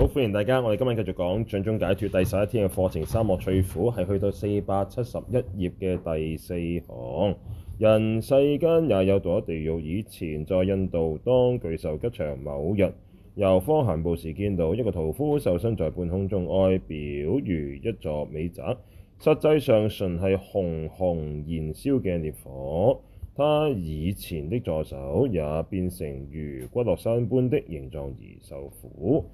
好歡迎大家！我哋今日繼續講《掌中解脫》第十一天嘅課程，《沙漠翠虎》係去到四百七十一頁嘅第四行。人世間也有獨一地獄。以前在印度，當具壽吉祥，某日由方行步時，見到一個屠夫，受生在半空中，外表如一座美宅，實際上純係熊熊燃燒嘅烈火。他以前的助手也變成如骨骼山般的形狀而受苦。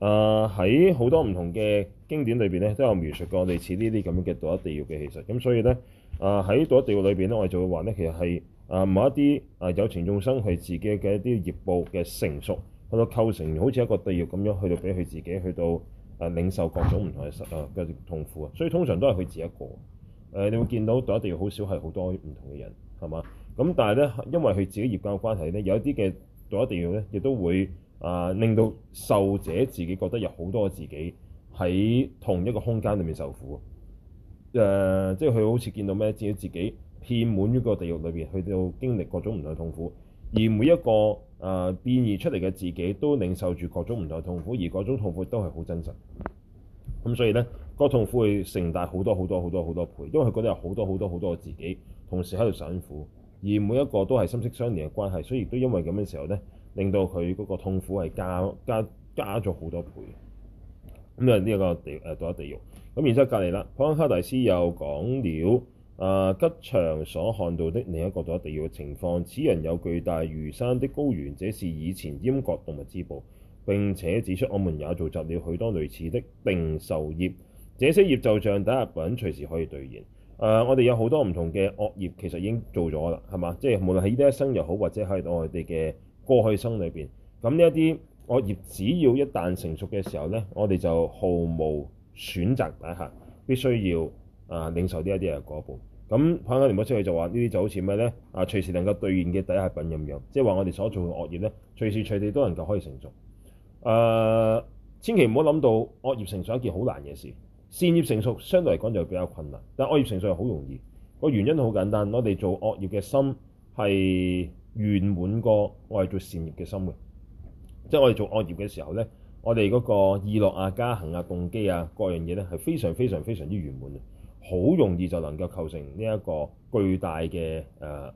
啊！喺好、呃、多唔同嘅經典裏邊咧，都有描述過類似呢啲咁嘅獨一地獄嘅其實。咁、嗯、所以咧，啊喺獨一地獄裏邊咧，我哋就會話咧，其實係啊、呃、某一啲啊有情眾生係自己嘅一啲業報嘅成熟，去到構成好似一個地獄咁樣，去到俾佢自己去到啊、呃、領受各種唔同嘅實啊嘅痛苦啊。所以通常都係佢自己一個。誒、呃，你會見到獨一地獄好少係好多唔同嘅人，係嘛？咁、嗯、但係咧，因為佢自己業界嘅關係咧，有一啲嘅獨一地獄咧，亦都會。啊！令到受者自己覺得有好多自己喺同一個空間裏面受苦，誒、呃，即係佢好似見到咩？見到自己遍滿於個地獄裏邊，去到經歷各種唔同嘅痛苦，而每一個啊變異出嚟嘅自己都領受住各種唔同嘅痛苦，而各種痛苦都係好真實。咁、嗯、所以呢，個痛苦會成大好多好多好多好多，多，多倍，因為佢覺得有好多好多好多個自己同時喺度受苦，而每一個都係心息相連嘅關係，所以亦都因為咁嘅時候呢。令到佢嗰個痛苦係加加加咗好多倍，咁就呢一個地誒獨一地獄。咁然之後隔離啦，帕繃喀大師又講了啊、呃，吉祥所看到的另一個獨一地獄嘅情況。此人有巨大如山的睪丸，這是以前閹割動物之報。並且指出，我們也造集了許多類似的定受業，這些業就像抵押品，隨時可以兌現。誒、呃，我哋有好多唔同嘅惡業，其實已經做咗啦，係嘛？即係無論喺呢一生又好，或者喺我哋嘅。過去生裏邊，咁呢一啲惡業只要一旦成熟嘅時候咧，我哋就毫無選擇啦嚇，必須要啊、呃、領受呢一啲嘅果報。咁帕繃喀大師就話：呢啲就好似咩咧？啊，隨時能夠兌現嘅抵押品咁樣，即係話我哋所做嘅惡業咧，隨時隨地都能夠可以成熟。誒、呃，千祈唔好諗到惡業成熟係一件好難嘅事，善業成熟相對嚟講就比較困難，但惡業成熟係好容易。個原因好簡單，我哋做惡業嘅心係。圓滿，個我係做善業嘅心嘅。即係我哋做惡業嘅時候咧，我哋嗰個意樂啊、加行啊、動機啊各樣嘢咧係非常非常非常之圓滿嘅，好容易就能夠構成呢一個巨大嘅誒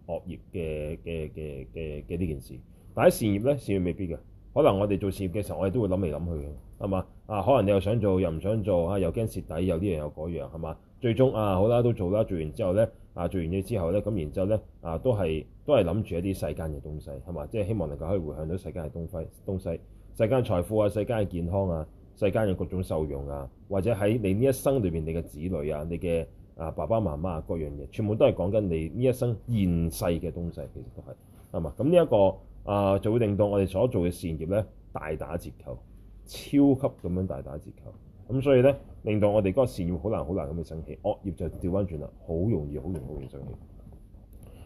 惡業嘅嘅嘅嘅嘅呢件事。但係善業咧，善業未必嘅，可能我哋做善業嘅時候，我哋都會諗嚟諗去嘅，係嘛啊？可能你又想做又唔想做啊，又驚蝕底，有啲人有嗰樣係嘛？最終啊，好啦，都做啦，做完之後咧啊，做完嘢之後咧咁，然之後咧啊，都係。都係諗住一啲世間嘅東西，係嘛？即係希望能夠可以回向到世間嘅東西、東西、世間財富啊、世間嘅健康啊、世間嘅各種受用啊，或者喺你呢一生裏面你嘅子女啊、你嘅啊爸爸媽媽啊各樣嘢，全部都係講緊你呢一生現世嘅東西，其實都係，係嘛？咁呢一個啊、呃、就會令到我哋所做嘅善業咧大打折扣，超級咁樣大打折扣。咁所以咧令到我哋嗰個善業好難好難咁樣生起，惡業就調翻轉啦，好容易好容易好容易生起。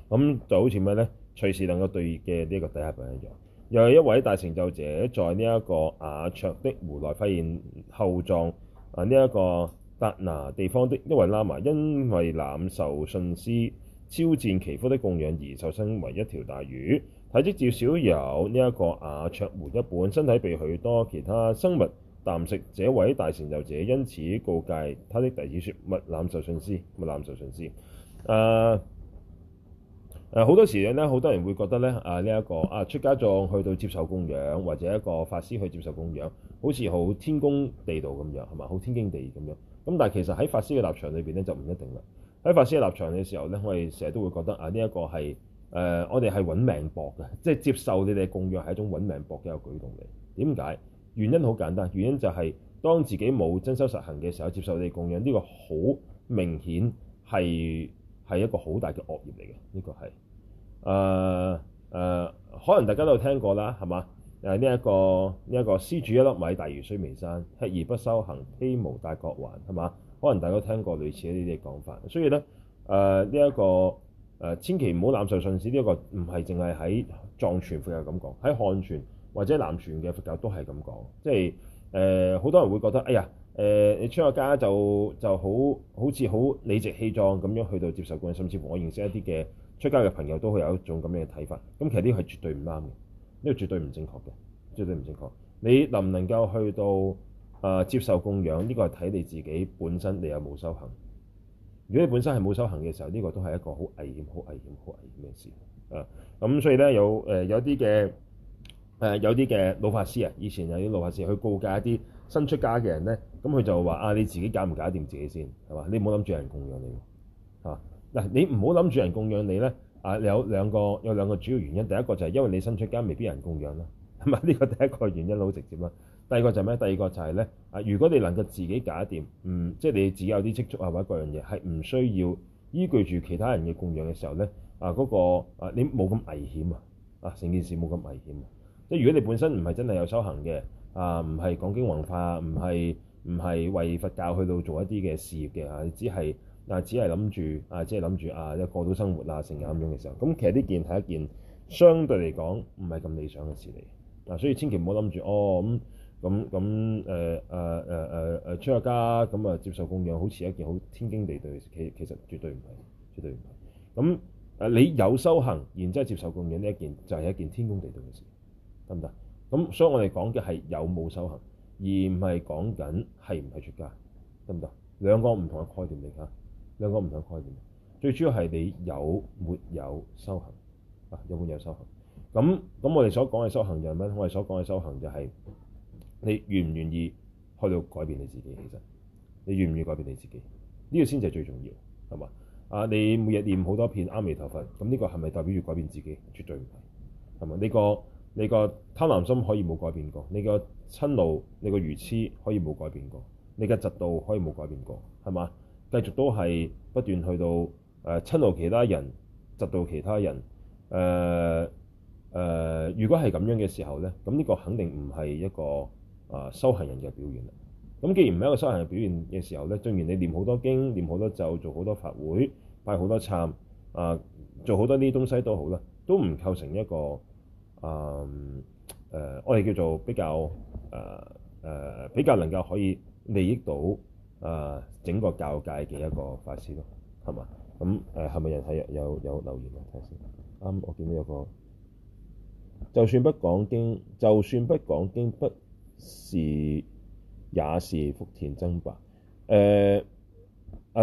咁、嗯、就好似咩呢？隨時能夠對嘅呢一個底下朋友，又係一位大成就者，在呢一個雅卓的湖內發現後藏啊！呢、這、一個達那地方的一位喇嘛，因為濫受信施、超薦祈福的供養而受生為一條大魚，體積至少有呢一個雅卓湖一半，身體被許多其他生物啖食。這位大成就者因此告誡他的弟子説：勿濫受信施，勿濫受信施。啊！誒好多時咧，好多人會覺得咧，啊呢一個啊出家眾去到接受供養，或者一個法師去接受供養，好似好天公地道咁樣，係嘛？好天經地義咁樣。咁但係其實喺法師嘅立場裏邊咧，就唔一定啦。喺法師嘅立場嘅時候咧，我哋成日都會覺得啊呢一個係誒、呃、我哋係揾命搏嘅，即係接受你哋供養係一種揾命搏嘅一個舉動嚟。點解？原因好簡單，原因就係當自己冇真修實行嘅時候，接受你哋供養呢個好明顯係，係一個好大嘅惡業嚟嘅，呢、這個係誒誒，可能大家都聽過啦，係嘛？誒呢一個呢一、這個施主一粒米大如須彌山，吃而不修行，披毛戴角還，係嘛？可能大家都聽過類似呢啲講法，所以咧誒呢一、啊這個誒、啊、千祈唔好濫受信施。呢、這、一個唔係淨係喺藏傳佛教咁講，喺漢傳或者南傳嘅佛教都係咁講，即係誒好多人會覺得，哎呀～誒、呃，你出家就就好好似好理直氣壯咁樣去到接受供養，甚至乎我認識一啲嘅出家嘅朋友都會有一種咁樣嘅睇法。咁其實呢個係絕對唔啱嘅，呢個絕對唔正確嘅，絕對唔正確。你能唔能夠去到誒、呃、接受供養？呢、這個係睇你自己本身你有冇修行。如果你本身係冇修行嘅時候，呢、這個都係一個好危險、好危險、好危險嘅事啊！咁所以咧，有誒、呃、有啲嘅誒有啲嘅老法師啊，以前有啲老法師去告誡一啲，新出家嘅人咧，咁佢就話：啊，你自己搞唔搞掂自己先，係嘛？你唔好諗住人供養你，嚇、啊、嗱！你唔好諗住人供養你咧，啊你有兩個有兩個主要原因，第一個就係因為你新出家，未必有人供養啦，係嘛？呢、這個第一個原因好直接啦。第二個就係咩？第二個就係咧，啊如果你能夠自己搞掂，嗯，即係你自己有啲積蓄啊，或者各樣嘢，係唔需要依據住其他人嘅供養嘅時候咧，啊嗰、那個啊你冇咁危險啊，啊成件事冇咁危險，即係如果你本身唔係真係有修行嘅。啊，唔係講經文化，唔係唔係為佛教去到做一啲嘅事業嘅嚇，只係嗱只係諗住啊，即係諗住啊，一過到生活啊，成日咁樣嘅時候，咁其實呢件係一件相對嚟講唔係咁理想嘅事嚟，嗱所以千祈唔好諗住哦咁咁咁誒誒誒誒誒出家咁啊，啊，啊、er ha，嗯、接受供養，好似一件好天經地義嘅事，其其實絕對唔係，絕對唔係。咁啊你有修行，然之後接受供養呢一件就係一件天公地道嘅事，得唔得？咁所以，我哋講嘅係有冇修行，而唔係講緊係唔係出家，得唔得？兩個唔同嘅概念嚟嚇，兩個唔同嘅概念。最主要係你有沒有修行啊？有冇有修行？咁咁，我哋所講嘅修行人品，我哋所講嘅修行就係咩？你願唔願意去到改變你自己。其實你願唔願意改變你自己？呢個先至係最重要，係嘛？啊，你每日念好多遍阿彌陀佛，咁呢個係咪代表要改變自己？絕對唔係，係嘛？呢個你個貪婪心可以冇改變過，你個瞋怒、你個愚痴可以冇改變過，你嘅嫉妒可以冇改變過，係嘛？繼續都係不斷去到誒、呃、瞋怒其他人、嫉妒其他人誒誒、呃呃。如果係咁樣嘅時候咧，咁呢個肯定唔係一個啊、呃、修行人嘅表現啦。咁既然唔係一個修行人表現嘅時候咧，正如你念好多經、念好多咒、做好多法會、拜好多懺啊、呃、做好多呢啲東西都好啦，都唔構成一個。啊誒，um, uh, 我哋叫做比較誒誒，uh, uh, 比較能夠可以利益到啊、uh, 整個教界嘅一個法師咯，係嘛？咁誒係咪有睇有有留言啊？睇先，啱、嗯、我見到有個就算不講經，就算不講經，不是也是福田爭霸。誒、呃、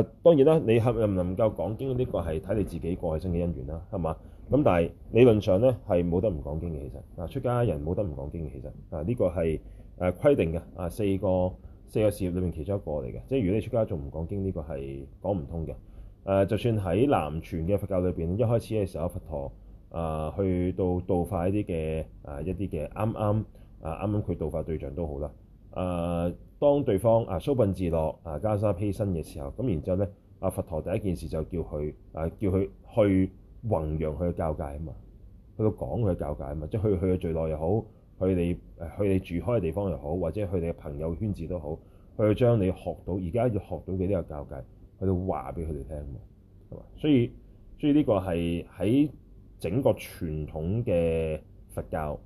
啊！當然啦，你係又唔能夠講經呢個係睇你自己過去生嘅因緣啦，係嘛？咁但係理論上咧係冇得唔講經嘅，其實啊出家人冇得唔講經嘅，其實啊呢個係誒規定嘅啊四個四個事業裏面其中一個嚟嘅，即係如果你出家仲唔講經，呢、這個係講唔通嘅。誒、呃，就算喺南傳嘅佛教裏邊，一開始嘅時候，佛陀啊、呃、去到度化一啲嘅啊一啲嘅啱啱啊啱啱佢度化對象都好啦。誒、啊，當對方啊鬚髮自落啊袈裟披身嘅時候，咁然之後咧，阿、啊、佛陀第一件事就叫佢誒、啊、叫佢去。弘揚佢嘅教誡啊嘛，去到講佢嘅教誡啊嘛，即係去去嘅聚落又好，去你誒去你住開嘅地方又好，或者去你嘅朋友圈子都好，去到將你學到而家要學到嘅呢個教誡去到話俾佢哋聽啊嘛，係嘛？所以所以呢個係喺整個傳統嘅佛教，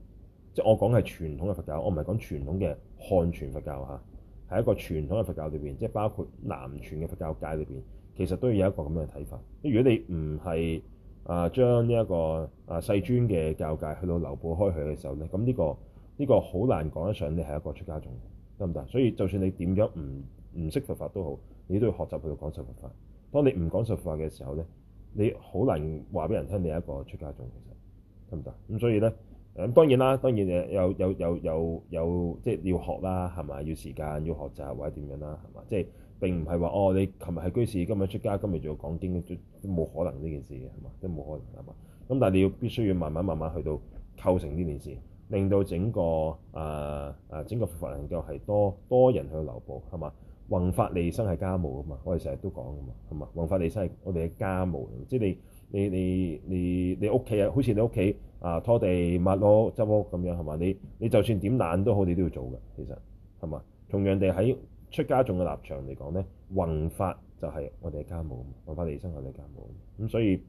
即係我講係傳統嘅佛教，我唔係講傳統嘅漢傳佛教嚇，係一個傳統嘅佛教裏邊，即係包括南傳嘅佛教界裏邊，其實都要有一個咁樣嘅睇法。即係如果你唔係，啊，將呢、這、一個啊世尊嘅教界去到流布開去嘅時候咧，咁呢、這個呢、這個好難講得上你係一個出家眾，得唔得？所以就算你點樣唔唔識佛法都好，你都要學習去講授佛法，法。當你唔講授佛法嘅時候咧，你好難話俾人聽你係一個出家眾，其實得唔得？咁、嗯、所以咧，咁、嗯、當然啦，當然誒有有有有有即係、就是、要學啦，係嘛？要時間，要學習或者點樣啦，係嘛？即係。並唔係話哦，你琴日係居士，今日出家，今日仲要講經，都都冇可能呢件事嘅，係嘛？都冇可能係嘛。咁但係你要必須要慢慢慢慢去到構成呢件事，令到整個誒誒、呃、整個法能夠係多多人去留步。係嘛，宏法利生係家務噶嘛，我哋成日都講噶嘛，係嘛，宏法利生係我哋嘅家務，即係你你你你你屋企啊，好似你屋企啊拖地抹攞執屋咁樣係嘛，你你就算點懶都好，你都要做嘅，其實係嘛，同樣哋喺。出家眾嘅立場嚟講咧，宏法就係我哋嘅家務，宏法利生係我哋嘅家務，咁所以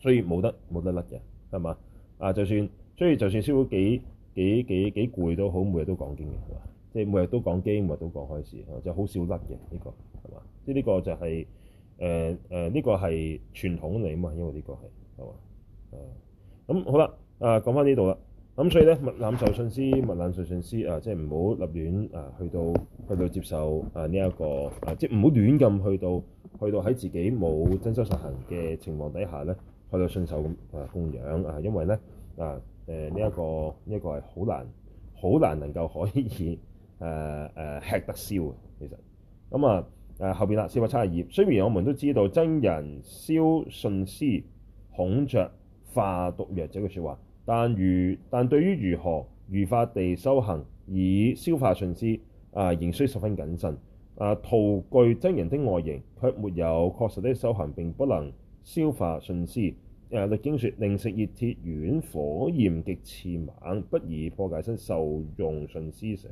所以冇得冇得甩嘅，係嘛？啊，就算所以就算燒到幾幾幾幾攰都好，每日都講經嘅，係嘛？即係每日都講經，每日都講開示，就好少甩嘅呢個，係嘛？即係呢個就係誒誒呢個係傳統嚟啊嘛，因為呢個係係嘛誒，咁好啦，啊，啊講翻呢度啦。咁所以咧，勿濫受信施，勿濫受信施啊！即係唔好立亂啊，去到去到接受啊呢一個啊，即係唔好亂咁去到去到喺自己冇真修實行嘅情況底下咧，去到信受咁誒供養啊！因為咧啊誒呢一個呢一、這個係好難好難能夠可以誒誒、啊啊、吃得消啊！其實咁啊誒、啊、後邊啦四百七十二頁，雖然我們都知道「僧人消信施，孔雀化毒藥」這句説話。但如但對於如何如法地修行以消化信施啊，仍需十分謹慎啊。徒具真人的外形，卻沒有確實的修行，並不能消化信施。誒、啊《律經》説：寧食熱鐵丸，火焰極熾猛，不宜破戒身受用信施食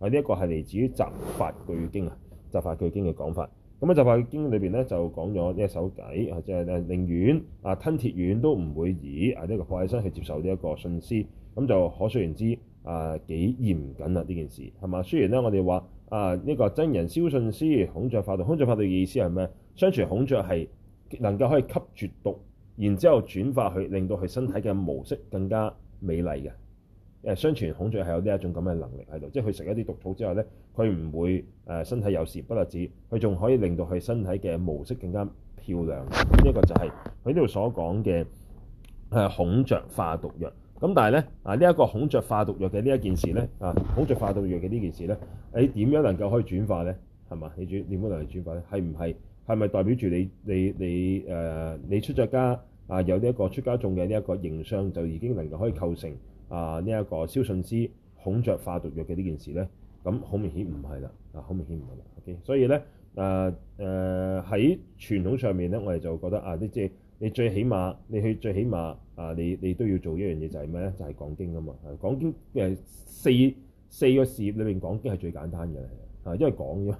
啊。呢一個係嚟自於《集法句經》啊，《集法句經》嘅講法。咁啊就《法經》裏邊咧就講咗呢一首偈，即、就、係、是、寧願啊吞鐵丸都唔會以啊呢個破戒身去接受呢一個信施。咁就可想而知啊幾嚴謹啦、啊、呢件事係嘛？雖然咧我哋話啊呢、這個僧人消信施孔雀法道，孔雀法道嘅意思係咩？相傳孔雀係能夠可以吸絕毒，然之後轉化去令到佢身體嘅模式更加美麗嘅。誒，相傳孔雀係有呢一種咁嘅能力喺度，即係佢食一啲毒草之後咧，佢唔會誒、呃、身體有時不得止，佢仲可以令到佢身體嘅模式更加漂亮。呢、這、一個就係佢呢度所講嘅誒孔雀化毒藥。咁但係咧啊，呢、這、一個孔雀化毒藥嘅呢一件事咧啊，孔雀化毒藥嘅呢件事咧，誒點樣能夠可以轉化咧？係嘛？你轉點樣嚟轉化咧？係唔係係咪代表住你你你誒、呃、你出咗家啊、呃？有呢一個出家種嘅呢一個形相就已經能夠可以構成？啊！呢、這、一個消信施孔雀化毒藥嘅呢件事咧，咁好明顯唔係啦，啊好明顯唔係啦。OK，所以咧，誒誒喺傳統上面咧，我哋就覺得啊，你即係你最起碼你去最起碼啊，你你都要做一樣嘢就係咩咧？就係、是、講經啊嘛。講經誒四四個事業裏面講經係最簡單嘅，嚇，因為講咗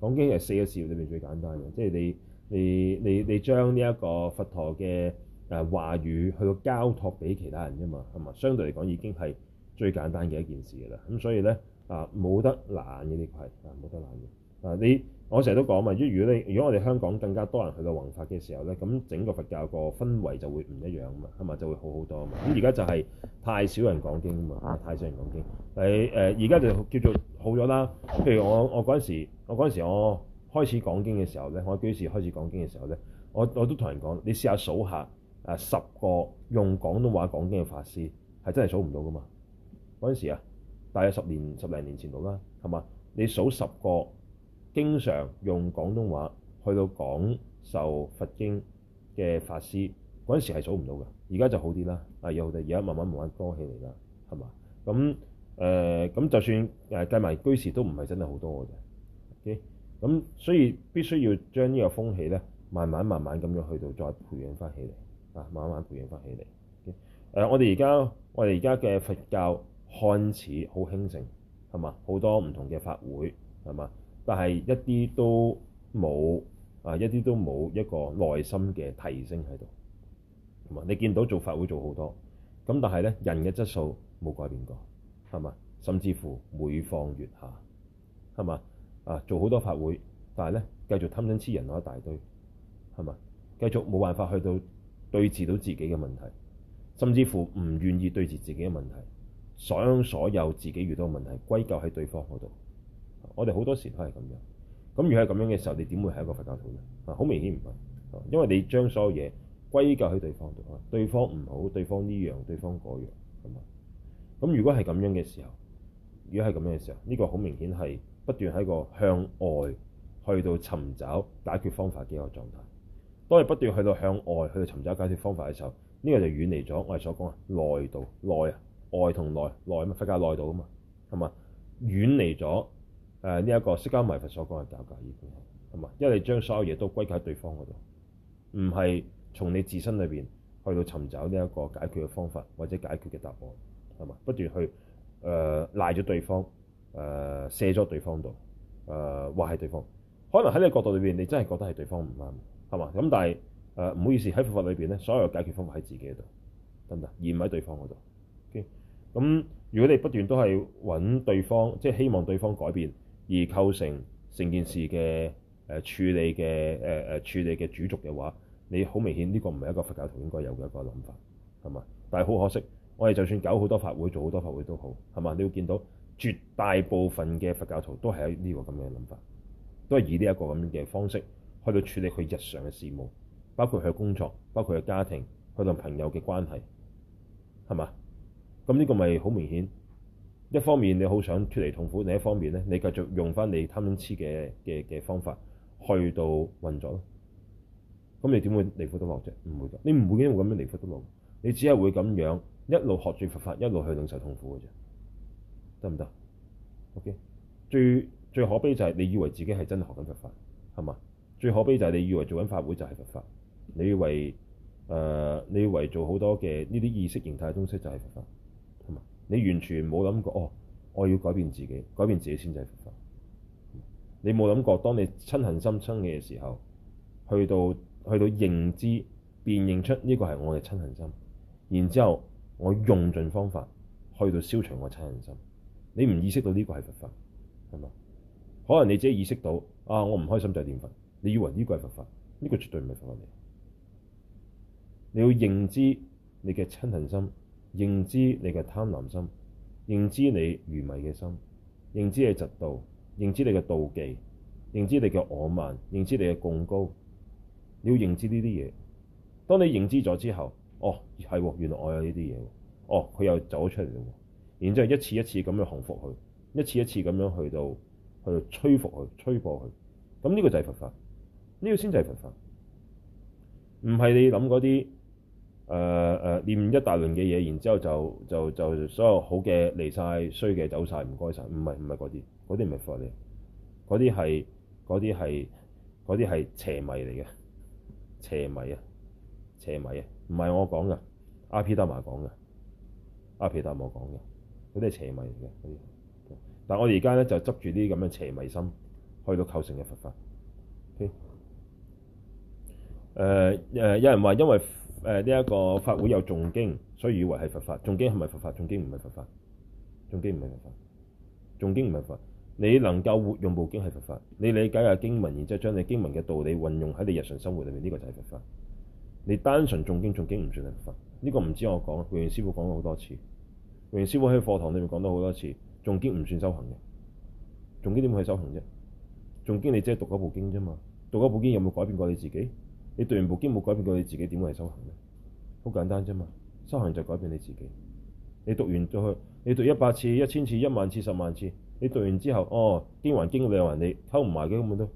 講經係四個事業裏面最簡單嘅，即係你你你你將呢一個佛陀嘅。誒話、啊、語去到交託俾其他人啫嘛，係嘛？相對嚟講已經係最簡單嘅一件事啦。咁所以咧啊，冇得難嘅呢個係啊，冇得難嘅啊。你我成日都講嘛，即如果你如果我哋香港更加多人去到弘法嘅時候咧，咁整個佛教個氛圍就會唔一樣啊嘛，係嘛？就會好好多啊嘛。咁而家就係太少人講經啊嘛，太少人講經。你誒而家就叫做好咗啦。譬如我我嗰陣時我嗰陣時我開始講經嘅時候咧，我幾時開始講經嘅時候咧，我我都同人講，你試下數下。誒十個用廣東話講經嘅法師係真係數唔到噶嘛？嗰陣時啊，大約十年十零年前度啦，係嘛？你數十個經常用廣東話去到講受佛經嘅法師，嗰陣時係數唔到嘅。而家就好啲啦，啊有，而家慢慢慢慢多起嚟啦，係嘛？咁誒咁，呃、就算誒計埋居士都唔係真係好多嘅啫。O K，咁所以必須要將呢個風氣咧，慢慢慢慢咁樣去到再培養翻起嚟。啊，慢慢培養翻起嚟。誒、呃，我哋而家我哋而家嘅佛教看似好興盛，係嘛？好多唔同嘅法會，係嘛？但係一啲都冇啊，一啲都冇一個內心嘅提升喺度。係嘛？你見到做法會做好多咁，但係咧，人嘅質素冇改變過，係嘛？甚至乎每況愈下，係嘛？啊，做好多法會，但係咧，繼續貪嗔痴人攞一大堆，係嘛？繼續冇辦法去到。對治到自己嘅問題，甚至乎唔願意對治自己嘅問題，將所有自己遇到嘅問題歸咎喺對方嗰度。我哋好多時都係咁樣。咁如果係咁樣嘅時候，你點會係一個佛教徒呢？啊，好明顯唔係，因為你將所有嘢歸咎喺對方度，對方唔好，對方呢樣，對方嗰樣咁啊。咁如果係咁樣嘅時候，如果係咁樣嘅時候，呢個好明顯係不斷喺個向外去到尋找解決方法嘅一個狀態。當你不斷去到向外去到尋找解決方法嘅時候，呢、這個就遠離咗我哋所講嘅內道內，啊外同內內，咁啊佛教內道啊嘛，係嘛，遠離咗誒呢一個釋迦牟尼佛所講嘅教界，已經係嘛，因為你將所有嘢都歸咎喺對方嗰度，唔係從你自身裏邊去到尋找呢一個解決嘅方法或者解決嘅答案係嘛，不斷去誒、呃、賴咗對方誒卸咗對方度誒話係對方，可能喺你角度裏邊你真係覺得係對方唔啱。係嘛？咁但係誒唔好意思，喺佛法裏邊咧，所有解決方法喺自己度，得唔得？而唔喺對方嗰度。咁、okay? 嗯、如果你不斷都係揾對方，即係希望對方改變，而構成成件事嘅誒、呃、處理嘅誒誒處理嘅主軸嘅話，你好明顯呢個唔係一個佛教徒應該有嘅一個諗法，係嘛？但係好可惜，我哋就算搞好多法會，做好多法會都好，係嘛？你會見到絕大部分嘅佛教徒都係呢個咁樣諗法，都係以呢一個咁嘅方式。去到處理佢日常嘅事務，包括佢嘅工作，包括佢嘅家庭，佢同朋友嘅關係，係嘛？咁呢個咪好明顯。一方面你好想脫離痛苦，另一方面咧，你繼續用翻你貪嗔痴嘅嘅嘅方法去到運作咯。咁你點會離苦得樂啫？唔會㗎，你唔會因為咁樣離苦得樂。你只係會咁樣一路學住佛法，一路去領受痛苦嘅啫。得唔得？OK，最最可悲就係你以為自己係真學緊佛法，係嘛？最可悲就係你以為做緊法會就係佛法，你以為誒、呃、你以為做好多嘅呢啲意識形態嘅東西就係佛法，係嘛？你完全冇諗過哦，我要改變自己，改變自己先至係佛法。你冇諗過，當你瞋恨心生嘅時候，去到去到認知辨認出呢個係我嘅瞋恨心，然之後我用盡方法去到消除我瞋恨心。你唔意識到呢個係佛法，係嘛？可能你自己意識到啊，我唔開心就係念佛。你以為呢個係佛法，呢、這個絕對唔係佛法嚟。你要認知你嘅瞋恨心，認知你嘅貪婪心，認知你愚昧嘅心，認知你嫉妒，認知你嘅妒忌，認知你嘅傲慢，認知你嘅貢高。你要認知呢啲嘢。當你認知咗之後，哦係喎，原來我有呢啲嘢喎。哦，佢又走咗出嚟咯。然之後一次一次咁樣降服佢，一次一次咁樣去到去到摧伏佢、摧破佢。咁、這、呢個就係佛法。呢個先就係佛法，唔係你諗嗰啲誒誒念一大輪嘅嘢，然之後就就就所有好嘅嚟晒，衰嘅走晒。唔該晒，唔係唔係嗰啲，嗰啲唔係佛法嚟，嗰啲係嗰啲係嗰啲係邪迷嚟嘅，邪迷啊，邪迷啊，唔係、啊、我講噶阿毗達磨講噶阿毗達磨講嘅。嗰啲係邪迷嚟嘅，嗰啲，但係我而家咧就執住啲咁嘅邪迷心，去到構成嘅佛法。Okay? 誒誒、呃，有人話因為誒呢一個法會有誦經，所以以為係佛法。誦經係咪佛法？誦經唔係佛法。誦經唔係佛法。誦經唔係佛法。你能夠活用部經係佛法，你理解下經文，然之後將你經文嘅道理運用喺你日常生活裏面，呢個就係佛法。你單純誦經，誦經唔算係佛法。呢個唔知我講啊，榮源師傅講咗好多次。永源師傅喺課堂裏面講咗好多次，誦經唔算修行嘅。誦經點會係修行啫？誦經你只係讀一部經啫嘛，讀一部經有冇改變過你自己？你讀完部經冇改變過你自己，點會係修行咧？好簡單啫嘛，修行就改變你自己。你讀完再去，你讀一百次、一千次、一萬次、十萬次，你讀完之後，哦，經還經，你還你，溝唔埋嘅根本都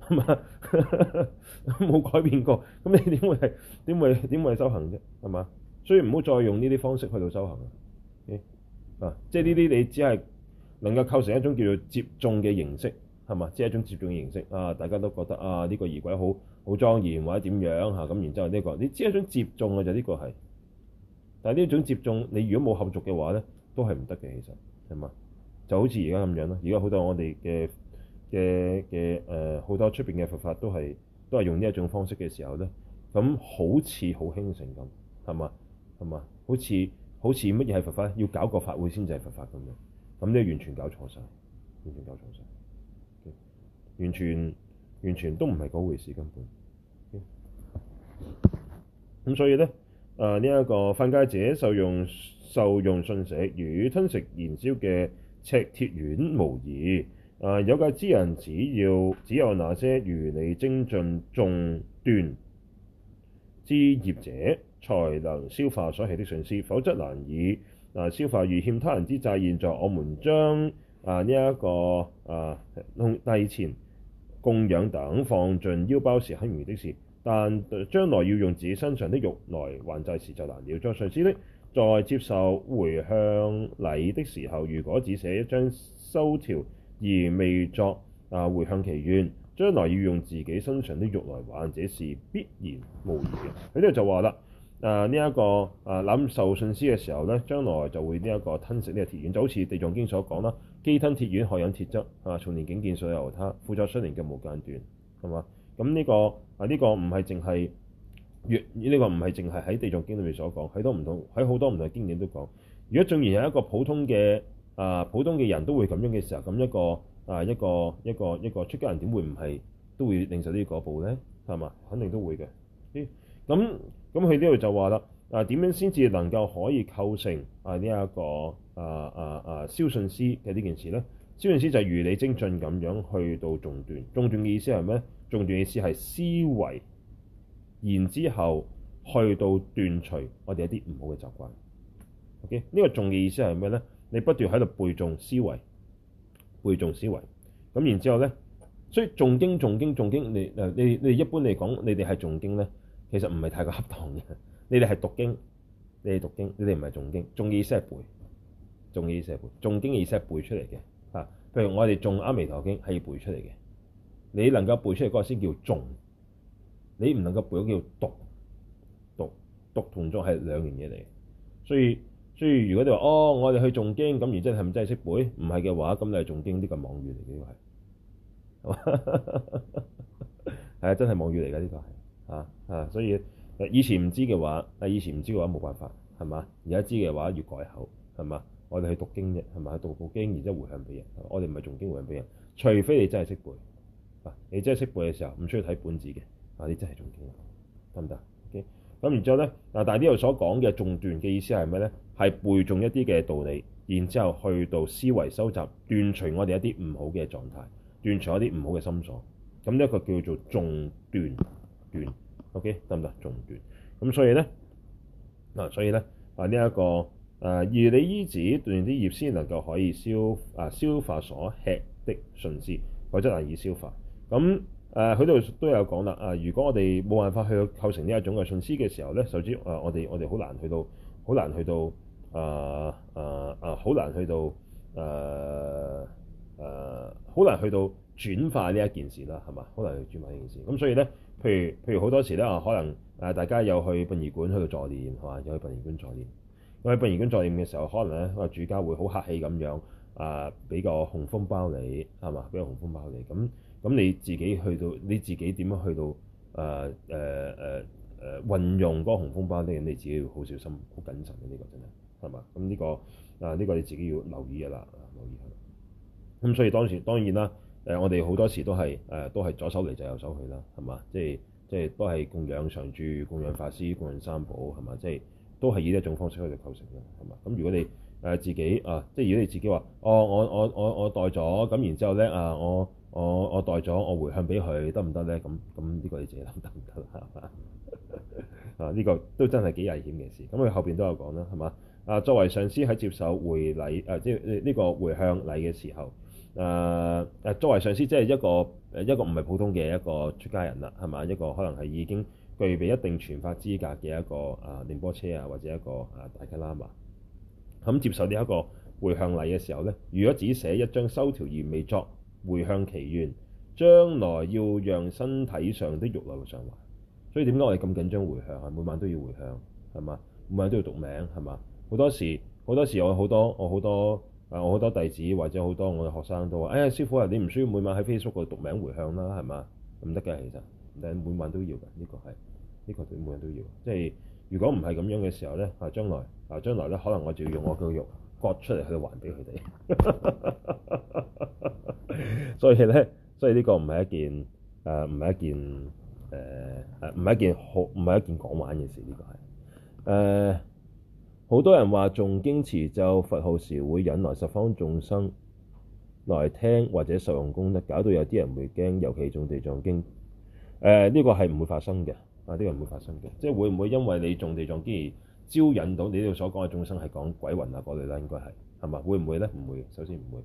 係嘛，冇 改變過。咁你點會係點會點會修行啫？係嘛？所以唔好再用呢啲方式去到修行啊！Okay? 啊，即係呢啲你只係能夠構成一種叫做接眾嘅形式，係嘛？即係一種接眾嘅形式啊！大家都覺得啊，呢、這個儀軌好。好莊嚴或者點樣嚇咁，然之後呢個你知一種接種嘅就呢個係，但係呢一種接種你如果冇後續嘅話咧，都係唔得嘅。其實係嘛，就好似而家咁樣咯。而家好多我哋嘅嘅嘅誒，好多出邊嘅佛法都係都係用呢一種方式嘅時候咧，咁好似好興盛咁係嘛係嘛，好似好似乜嘢係佛法？要搞個法會先至係佛法咁樣。咁你完全搞錯晒，完全搞錯晒，完全。Okay? 完全完全都唔係嗰回事，根本。咁、嗯、所以呢，誒呢一個犯戒者受用受用信食，與吞食燃燒嘅赤鐵丸無異。誒、呃、有戒之人只要只有那些如理精進誦斷之業者，才能消化所起的信食，否則難以難、呃、消化。如欠他人之債，現在我們將誒呢一個誒通提前。供養等放進腰包是很容易的事，但將來要用自己身上的肉來還債時就難了。作上師呢，在接受回向禮的時候，如果只寫一張收條而未作啊回向祈願，將來要用自己身上的肉來還，這是必然無疑嘅。喺呢度就話啦，啊呢一個啊濫、呃、受信施嘅時候呢，將來就會呢一個吞食呢個鐵丸，就好似地藏經所講啦。基吞鐵丸害人鐵質，啊，從年警見所有，他，輔佐雙年嘅無間斷，係嘛？咁呢個啊，呢個唔係淨係，越呢個唔係淨係喺地藏經裏面所講，喺多唔同，喺好多唔同經典都講。如果縱然係一個普通嘅啊，普通嘅人都會咁樣嘅時候，咁一個啊，一個一個一個，一個出家人點會唔係都會領受呢個報咧？係嘛？肯定都會嘅。咁咁佢呢度就話喇。啊！點樣先至能夠可以構成啊呢一個啊啊啊消信施嘅呢件事咧？消信施就如理精進咁樣去到誦斷。誦斷嘅意思係咩？誦斷嘅意思係思維，然之後去到斷除我哋一啲唔好嘅習慣。OK，呢個誦嘅意思係咩咧？你不斷喺度背誦思維，背誦思維咁，然之後咧，所以誦經誦經誦經，你啊你你，你一般嚟講，你哋係誦經咧，其實唔係太過恰當嘅。你哋係讀經，你哋讀經，你哋唔係誦經。誦意思係背，誦意思係背，誦經意思係背出嚟嘅。啊，譬如我哋誦阿彌陀經係要背出嚟嘅。你能夠背出嚟嗰個先叫誦，你唔能夠背嗰叫讀。讀讀，讀同誦係兩樣嘢嚟。所以所以，如果你話哦，我哋去誦經咁，然後真係唔真係識背？唔係嘅話，咁你係誦經呢個妄語嚟嘅呢個係。係 啊，真係妄語嚟嘅。呢個係。啊啊，所以。以前唔知嘅話，誒以前唔知嘅話冇辦法，係嘛？而家知嘅話要改口，係嘛？我哋去讀經啫，係嘛？去讀部經，然之後回向俾人，我哋唔係誦經回向俾人。除非你真係識背，嗱，你真係識背嘅時候，唔需要睇本子嘅，嗱，你真係、okay? 誦經，得唔得？OK。咁然之後咧，嗱，呢度所講嘅誦斷嘅意思係咩咧？係背誦一啲嘅道理，然之後去到思維收集、斷除我哋一啲唔好嘅狀態，斷除一啲唔好嘅心所，咁、這、一個叫做誦斷斷。O K，得唔得？仲、okay，短咁，所以咧嗱、啊，所以咧啊，呢一個啊，如你醫治段啲業先能夠可以消啊，消化所吃的信施，或者難以消化。咁、嗯、誒，佢、啊、度、啊、都有講啦。啊，如果我哋冇辦法去構成呢一種嘅信施嘅時候咧，首先啊，我哋我哋好難去到，好難去到啊啊啊，好、啊啊、難去到啊啊，好、啊、難去到轉化呢一件事啦，係嘛？好難去轉化呢件事。咁所以咧。譬如譬如好多時咧，啊可能誒大家有去殯儀館去度助念，係嘛？有去殯儀館助念，咁去殯儀館助念嘅時候，可能咧個主家會好客氣咁樣啊，俾個紅封包你，係嘛？俾個紅封包你，咁咁你，你自己去到，你自己點樣去到誒誒誒誒運用嗰個紅封包咧？你自己要好小心、好謹慎嘅呢、呢個真係係嘛？咁呢個啊呢、呢個你自己要留意嘅啦，留意嘅。咁所以當時當然啦。誒、呃，我哋好多時都係誒、呃，都係左手嚟就右手去啦，係嘛？即係即係都係供養常住、供養法師、供養三寶，係嘛？即係都係以呢一種方式去嚟構成嘅，係嘛？咁如果你誒、呃、自己啊、呃，即係如果你自己話、哦，我我我我我代咗，咁然之後咧啊，我我我代咗，我回向俾佢得唔得咧？咁咁呢個你自己諗得唔得啦？係嘛？ 啊，呢、呢個都真係幾危險嘅事。咁佢後邊都有講啦，係嘛？啊，作為上師喺接受回禮誒、啊，即係呢個回向禮嘅時候。誒誒，uh, 作為上師，即係一個誒一個唔係普通嘅一個出家人啦，係嘛？一個可能係已經具備一定傳法資格嘅一個啊，仁、呃、波切啊，或者一個啊大、呃、喇嘛。咁、嗯、接受呢一個回向禮嘅時候呢，如果只寫一張收條而未作回向祈願，將來要讓身體上啲肉類上還。所以點解我哋咁緊張回向？係每晚都要回向，係嘛？每晚都要讀名，係嘛？好多時好多時，多時我好多我好多。啊！我好多弟子或者好多我嘅學生都話誒、哎，師傅啊，你唔需要每晚喺 Facebook 度讀名回向啦，係嘛？唔得嘅，其實，等每晚都要嘅，呢、呢個係，呢、呢個要每晚都要。即係如果唔係咁樣嘅時候咧，啊將來啊將來咧，可能我就要用我嘅肉割出嚟去還俾佢哋。所以咧，所以呢個唔係一件誒，唔、呃、係一件誒，誒唔係一件好唔係一件講玩嘅事，呢、呢個係誒。呃好多人話誦經持咒佛號時會引來十方眾生來聽或者受用功德，搞到有啲人會驚，尤其誦地藏經誒，呢、呃這個係唔會發生嘅啊，呢、這個唔會發生嘅，即係會唔會因為你誦地藏經而招引到你呢度所講嘅眾生係講鬼魂啊嗰類啦？應該係係嘛？會唔會咧？唔會，首先唔會誒誒、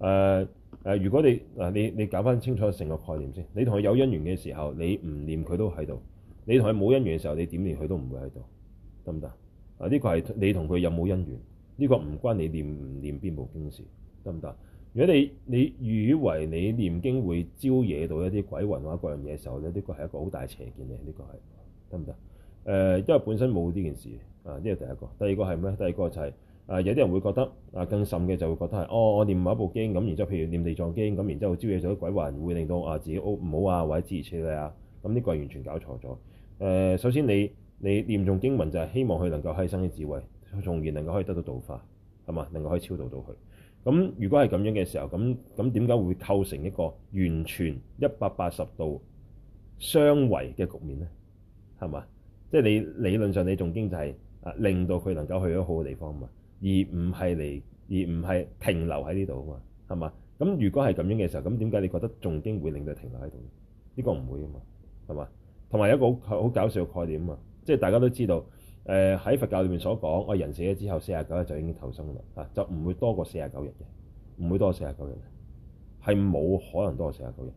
呃呃。如果你嗱、啊，你你搞翻清楚成個概念先，你同佢有因緣嘅時候，你唔念佢都喺度；你同佢冇因緣嘅時候，你點念佢都唔會喺度，得唔得？啊！呢、這個係你同佢有冇因緣？呢、這個唔關你念唔念邊部經事得唔得？如果你你以為你念經會招惹到一啲鬼魂或者各樣嘢嘅時候咧，呢、這個係一個好大邪見嚟。呢、這個係得唔得？誒、呃，因為本身冇呢件事啊。呢個第一個，第二個係咩、啊？第二個就係、是、啊，有啲人會覺得啊，更甚嘅就會覺得係哦，我念某一部經咁，然之後譬如念地藏經咁，然之後招惹咗啲鬼魂，會令到我啊自己屋唔好啊，或者自燃車啊，咁、嗯、呢、這個係完全搞錯咗。誒、啊，首先你。你念誦經文就係希望佢能夠犧牲啲智慧，從而能夠可以得到道化，係嘛？能夠可以超度到佢咁。如果係咁樣嘅時候，咁咁點解會構成一個完全一百八十度相違嘅局面呢？係嘛？即、就、係、是、你理論上你誦經就係啊，令到佢能夠去咗好嘅地方嘛，而唔係嚟而唔係停留喺呢度啊嘛，係嘛？咁如果係咁樣嘅時候，咁點解你覺得誦經會令到佢停留喺度咧？呢、這個唔會啊嘛，係嘛？同埋有一個好好搞笑嘅概念啊嘛～即係大家都知道，誒、呃、喺佛教裏面所講，我、哎、人死咗之後四十九日就已經投生啦，嚇、啊、就唔會多過四十九日嘅，唔會多過四十九日，係冇可能多過四十九日。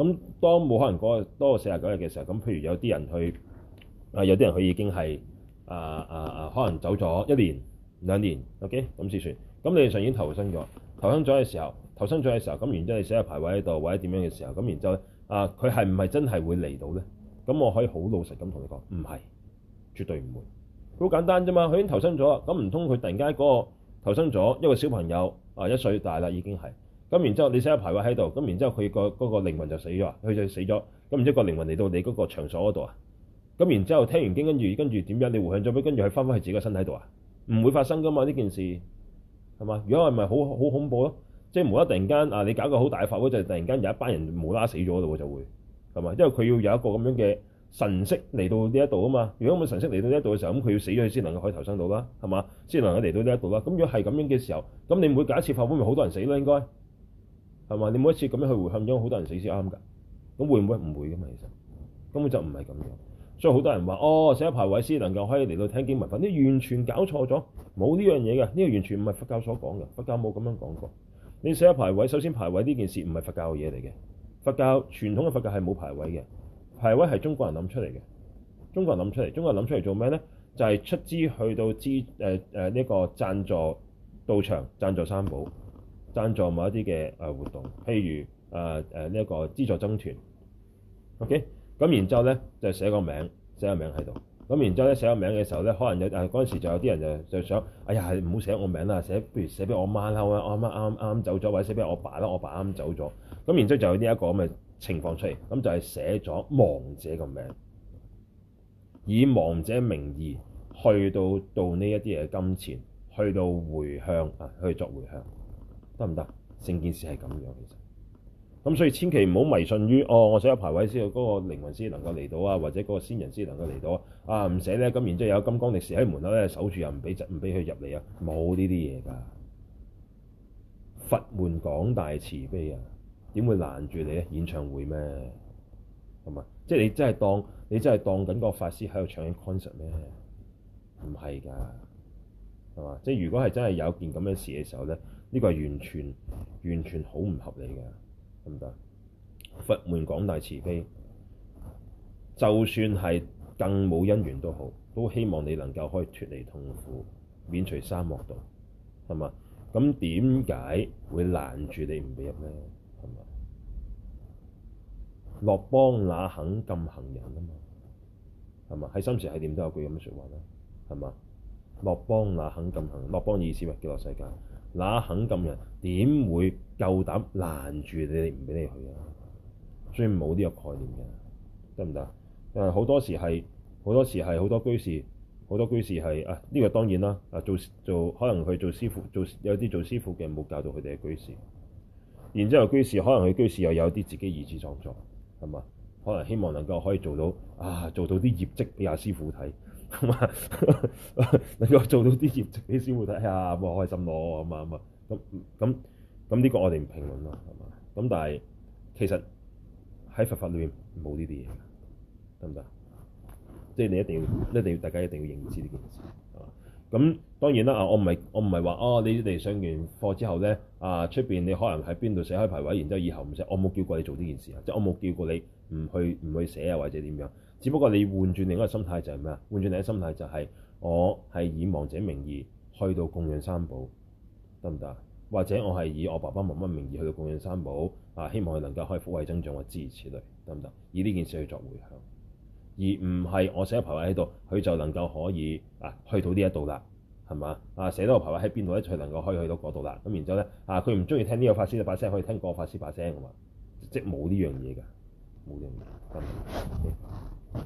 咁、嗯、當冇可能多過四十九日嘅時候，咁、嗯、譬如有啲人去啊，有啲人佢已經係啊啊啊，可能走咗一年、兩年，OK 咁先算。咁、嗯、你上已經投生咗、投生咗嘅時候、投生咗嘅時候，咁然之後你寫入牌位喺度或者點樣嘅時候，咁然之後咧啊，佢係唔係真係會嚟到咧？咁、嗯、我可以好老實咁同你講，唔係。絕對唔會，好簡單啫嘛。佢已經投生咗啦，咁唔通佢突然間、那、嗰個投生咗一個小朋友啊，一歲大啦已經係。咁然之後你寫個牌位喺度，咁然之後佢個嗰個靈魂就死咗，佢就死咗。咁然之後個靈魂嚟到你嗰個場所嗰度啊，咁然之後聽完經跟住跟住點樣？你回向咗俾跟住佢翻返去自己個身體度啊？唔會發生噶嘛呢件事係嘛？如果係咪好好恐怖咯？即係無啦，突然間啊，你搞個好大嘅法會，就係、是、突然間有一班人冇啦死咗咯，就會係嘛？因為佢要有一個咁樣嘅。神識嚟到呢一度啊嘛，如果咁神識嚟到呢一度嘅時候，咁佢要死咗佢先能夠可以投生到啦，係嘛？先能夠嚟到呢一度啦。咁如果係咁樣嘅時候，咁你唔會假設法會唔會好多人死啦？應該係嘛？你每一次咁樣去回向，咗好多人死先啱㗎。咁會唔會唔會嘅嘛？其實根本就唔係咁樣。所以好多人話：哦，寫一牌位先能夠可以嚟到聽經聞法，你完全搞錯咗，冇呢樣嘢嘅。呢個完全唔係佛教所講嘅，佛教冇咁樣講過。你寫一牌位，首先牌位呢件事唔係佛教嘅嘢嚟嘅，佛教傳統嘅佛教係冇牌位嘅。牌位係中國人諗出嚟嘅，中國人諗出嚟，中國人諗出嚟做咩咧？就係、是、出資去到資誒誒呢個贊助道場、贊助三寶、贊助某一啲嘅誒活動，譬如誒誒呢一個資助僧團。OK，咁然之後咧就寫個名，寫個名喺度。咁然之後咧寫個名嘅時候咧，可能有誒嗰陣時就有啲人就就想：哎呀，唔好寫我名啦，寫不如寫俾我媽啦，我媽啱啱走咗；或者寫俾我爸啦，我爸啱啱走咗。咁然之後就有呢、這、一個咁嘅。情況出嚟，咁就係寫咗亡者嘅名，以亡者名義去到到呢一啲嘅金錢，去到回向啊，去作回向，得唔得？成件事係咁樣其實，咁所以千祈唔好迷信於哦，我想有排位先，嗰個靈魂先能夠嚟到啊，或者嗰個仙人先能夠嚟到啊，啊唔寫咧，咁然之後有金剛力士喺門口咧守住，又唔俾唔俾佢入嚟啊，冇呢啲嘢噶，佛門廣大慈悲啊！點會攔住你咧？演唱會咩？係嘛？即係你真係當你真係當緊個法師喺度唱緊 concert 咩？唔係㗎係嘛？即係如果係真係有件咁嘅事嘅時候咧，呢、這個係完全完全好唔合理㗎，得唔得？佛門廣大慈悲，就算係更冇因緣都好，都希望你能夠可以脫離痛苦，免除三惡道，係嘛？咁點解會攔住你唔俾入咧？落邦那肯咁行人啊嘛，係嘛，喺心事係點都有句咁嘅說話啦，係嘛？落邦那肯咁行人？落邦意思咪叫落世界？那肯咁人點會夠膽攔住你哋唔俾你去啊？所以冇呢個概念嘅，得唔得啊？誒，好多時係好多時係好多居士，好多居士係啊。呢個當然啦。啊，做做可能佢做師傅做有啲做師傅嘅冇教到佢哋嘅居士，然之後居士可能佢居士又有啲自己意志創作。咁啊，可能希望能夠可以做到啊，做到啲業績俾阿師傅睇，咁啊， 能夠做到啲業績俾師傅睇下，我開心咯，咁啊咁啊，咁咁咁呢個我哋唔評論咯，係嘛？咁但係其實喺佛法裏面冇呢啲嘢，得唔得？即係你一定要，一定要，大家一定要認知呢件事。咁當然啦啊！我唔係我唔係話哦，你哋上完課之後呢，啊、呃，出邊你可能喺邊度寫開牌位，然之後以後唔寫，我冇叫過你做呢件事啊！即係我冇叫過你唔去唔去寫啊，或者點樣？只不過你換轉另一個心態就係咩啊？換轉另一個心態就係、是、我係以亡者名義去到供養三寶，得唔得？或者我係以我爸爸媽媽名義去到供養三寶啊？希望佢能夠可以福慧增長，諸如此類，得唔得？以呢件事去作回向。而唔係我寫啲牌位喺度，佢就能夠可以啊去到呢一度啦，係嘛？啊寫到個牌位喺邊度咧，佢能夠可以去到嗰度啦。咁然之後咧，啊佢唔中意聽呢個法師嘅把聲，可以聽個法師把聲嘅嘛？即冇呢樣嘢㗎，冇呢樣嘢，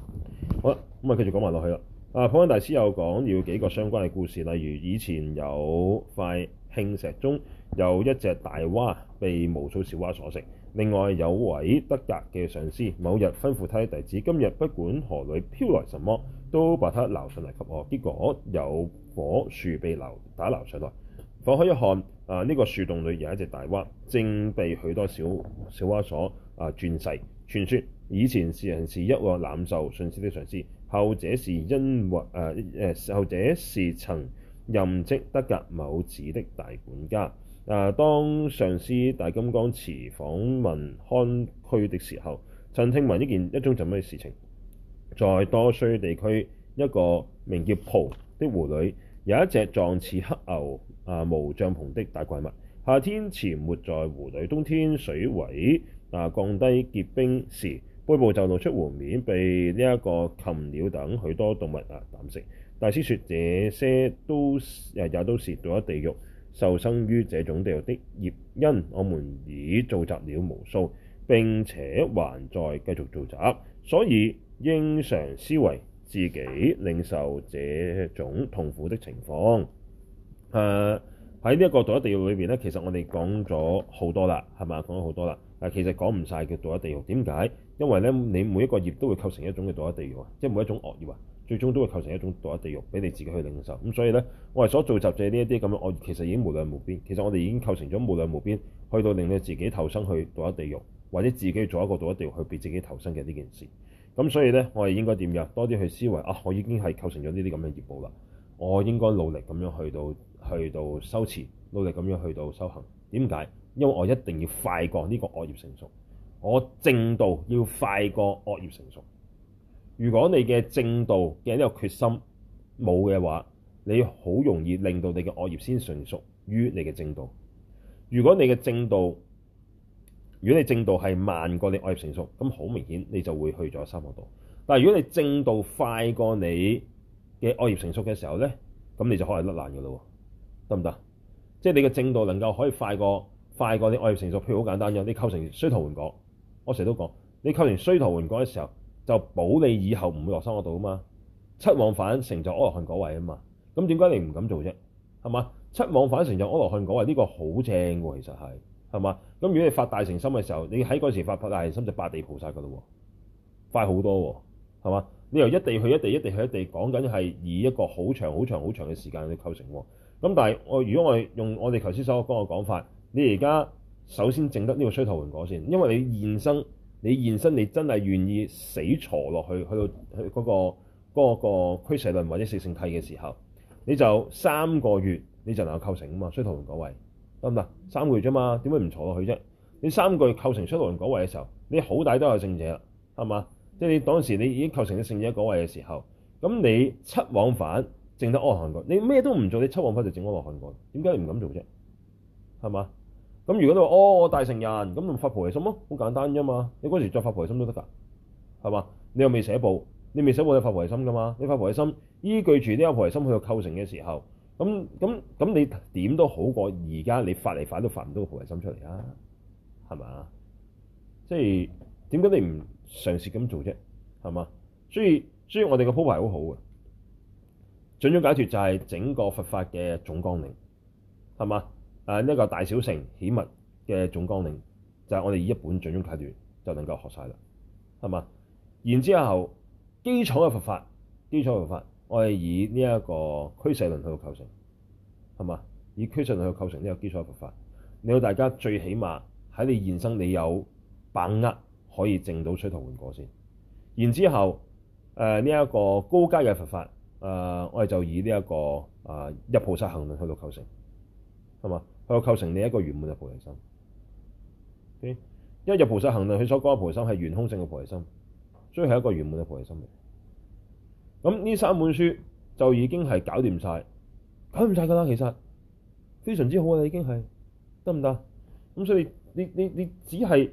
好啦，咁、嗯、啊繼續講埋落去啦。啊帕繃喀大師有講要幾個相關嘅故事，例如以前有塊磐石中，有一隻大蛙被無數小蛙所食。另外有位德格嘅上師，某日吩咐他嘅弟子：今日不管河裏漂來什麼都把他撈上嚟給我。結果有棵樹被撈打撈上來，放開一看，啊、呃！呢、這個樹洞裏有一隻大蛙，正被許多小小蛙所啊鑽噬。傳說以前是人是一個濫受信施的上師，後者是因或誒誒，後者是曾任職德格某寺的大管家。啊！當上師大金剛持訪問康區的時候，曾聽聞一件一宗怎樣事情。在多須地區，一個名叫浦的湖裏，有一隻狀似黑牛啊毛帳篷的大怪物。夏天潛沒在湖裏，冬天水位啊降低結冰時，背部就露出湖面，被呢一個禽鳥等許多動物啊啖食。大師說這些都、啊、也都是獨一地獄。受生於這種地獄的業因，我們已造集了無數，並且還在繼續造集。所以應常思惟自己領受這種痛苦的情況。誒喺呢一個獨一地獄裏邊咧，其實我哋講咗好多啦，係嘛？講咗好多啦，嗱，其實講唔晒嘅獨一地獄，點解？因為咧，你每一個業都會構成一種嘅獨一地獄啊，即係每一種惡業啊。最終都係構成一種獨一地獄，俾你自己去領受。咁所以呢，我哋所做集聚呢一啲咁樣我其實已經無量無邊。其實我哋已經構成咗無量無邊，去到令你自己投生去獨一地獄，或者自己做一個獨一地獄去俾自己投生嘅呢件事。咁所以呢，我哋應該點樣？多啲去思維啊！我已經係構成咗呢啲咁嘅業報啦，我應該努力咁樣去到去到修持，努力咁樣去到修行。點解？因為我一定要快過呢個惡業成熟，我正道要快過惡業成熟。如果你嘅正道嘅呢個決心冇嘅話，你好容易令到你嘅惡業先成熟於你嘅正道。如果你嘅正道，如果你正道係慢過你惡業成熟，咁好明顯你就會去咗三個度。但係如果你正道快過你嘅惡業成熟嘅時候咧，咁你就可能甩爛噶啦，得唔得？即係你嘅正道能夠可以快過快過你惡業成熟，譬如好簡單，有啲構成衰圖換果。我成日都講，你構成衰圖換果嘅時候。就保你以後唔會落生嗰度啊嘛，七往返成就阿羅漢果位啊嘛，咁點解你唔敢做啫？係嘛，七往返成就阿羅漢果位呢個好正喎，其實係係嘛，咁如果你發大乘心嘅時候，你喺嗰時發大乘心就八地菩薩噶咯喎，快好多喎，啊，係嘛？你由一地去一地，一地去一地，講緊係以一個好長、好長、好長嘅時間去構成。咁但係我如果我哋用我哋頭先所講嘅講法，你而家首先證得呢個須陀洹果先，因為你現生。你現身，你真係願意死坐落去，去到去、那、嗰個嗰、那個俱舍、那個、論或者四聖諦嘅時候，你就三個月你就能夠構成啊嘛，須陀洹嗰位得唔得？三個月啫嘛，點解唔坐落去啫？你三個月構成須陀洹嗰位嘅時候，你好大都有聖者啦，係嘛？即係你當時你已經構成你聖者嗰位嘅時候，咁你七往返證得阿羅漢果，你咩都唔做，你七往返就證阿羅漢果，點解唔敢做啫？係嘛？咁如果你話哦，我大成人，咁就發菩提心咯，好簡單啫嘛。你嗰時再發菩提心都得噶係嘛？你又未寫報，你未寫報你發菩提心噶嘛？你發菩提心，依據住呢個菩提心去到構成嘅時候，咁咁咁你點都好過而家你發嚟發來都發唔到個菩提心出嚟啊，係咪啊？即係點解你唔嘗試咁做啫？係嘛？所以所以我哋個鋪排好好、啊、嘅，最終解決就係整個佛法嘅總綱領，係嘛？啊！呢個大小乘顯密嘅總綱領就係，是，我哋以一本準宗概論就能夠學晒啦，係嘛？然之後基礎嘅佛法，基礎嘅佛法，我哋以呢一個俱舍論去到構成，係嘛？以俱舍論去構成呢個基礎嘅佛法，令到大家最起碼喺你現生你有把握可以證到出頭換過先。然之後誒呢一個高階嘅佛法，誒、呃、我哋就以呢，這，一個啊入菩薩行論去到構成，係嘛？佢就構成你一個圓滿嘅菩提心。Okay? 因為入菩薩行論佢所講嘅菩提心係圓空性嘅菩提心，所以係一個圓滿嘅菩提心。咁呢三本書就已經係搞掂晒，搞掂晒噶啦。其實非常之好啦，已經係得唔得？咁所以你你你，你只係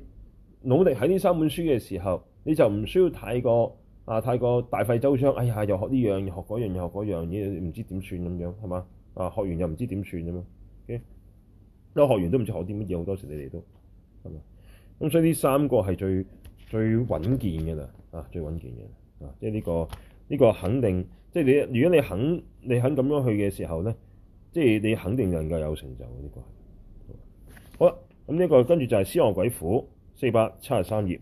努力喺呢三本書嘅時候，你就唔需要太過啊太過大費周章。哎呀，又學呢樣，又學嗰樣，又學嗰樣嘢，唔知點算咁樣係嘛？啊，學完又唔知點算咁樣。Okay? 都學完都唔知學啲乜嘢，好多時你哋都咁啊，咁所以呢三個係最最穩健嘅啦，啊最穩健嘅，啊即係呢個呢個肯定，即係你如果你肯你肯咁樣去嘅時候咧，即係你肯定能夠有成就，呢個係好啦。咁呢個跟住就係《思餓鬼苦》，四百七十三頁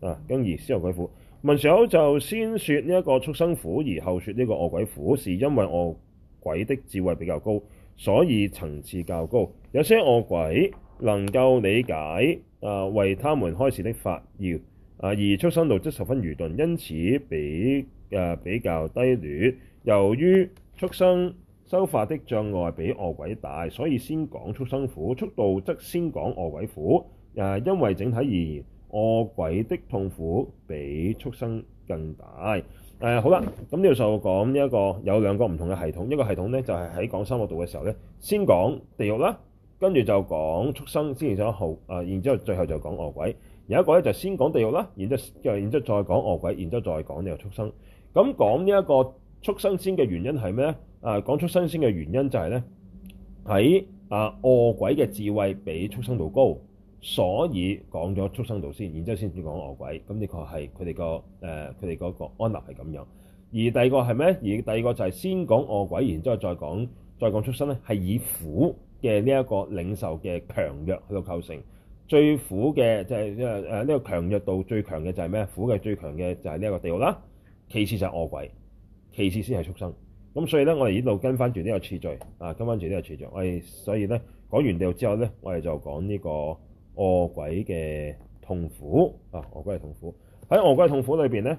啊，庚二《思餓鬼苦》文殊就先説呢一個畜生苦，而後説呢個餓鬼苦，是因為餓鬼的智慧比較高。所以層次較高，有些餓鬼能夠理解，啊、呃，為他們開示的法要，啊、呃，而畜生道則十分愚鈍，因此比、呃，比較低劣。由於畜生修法的障礙比餓鬼大，所以先講畜生苦，速道則先講餓鬼苦。因為整體而言，餓鬼的痛苦比畜生更大。誒、嗯、好啦，咁呢度就講呢一個有兩個唔同嘅系統。一個系統咧就係喺講三惡道嘅時候咧，先講地獄啦，跟住就講畜生，先至再號啊，然之後最後就講餓鬼。有一個咧就是、先講地獄啦，然之後，然之後再講餓鬼，然之後再講呢個畜生。咁講呢一個畜生先嘅原因係咩咧？啊，講畜生先嘅原因就係咧喺啊餓鬼嘅智慧比畜生度高，所以講咗畜生道先，然之後先至講餓鬼，咁呢、呃、個係佢哋個誒佢哋嗰個安立係咁樣。而第二個係咩？而第二個就係先講餓鬼，然之後再講再講畜生咧，係以苦嘅呢一個領受嘅強弱去到構成最苦嘅就係誒誒呢個強弱度最強嘅就係咩？苦嘅最強嘅就係呢一個地獄啦。其次就係餓鬼，其次先係畜生。咁所以咧，我哋一路跟翻住呢個次序啊，跟翻住呢個次序，我哋所以咧講完地獄之後咧，我哋就講呢、呢個。餓鬼嘅痛苦啊，餓鬼嘅痛苦喺餓鬼嘅痛苦裏邊咧，誒、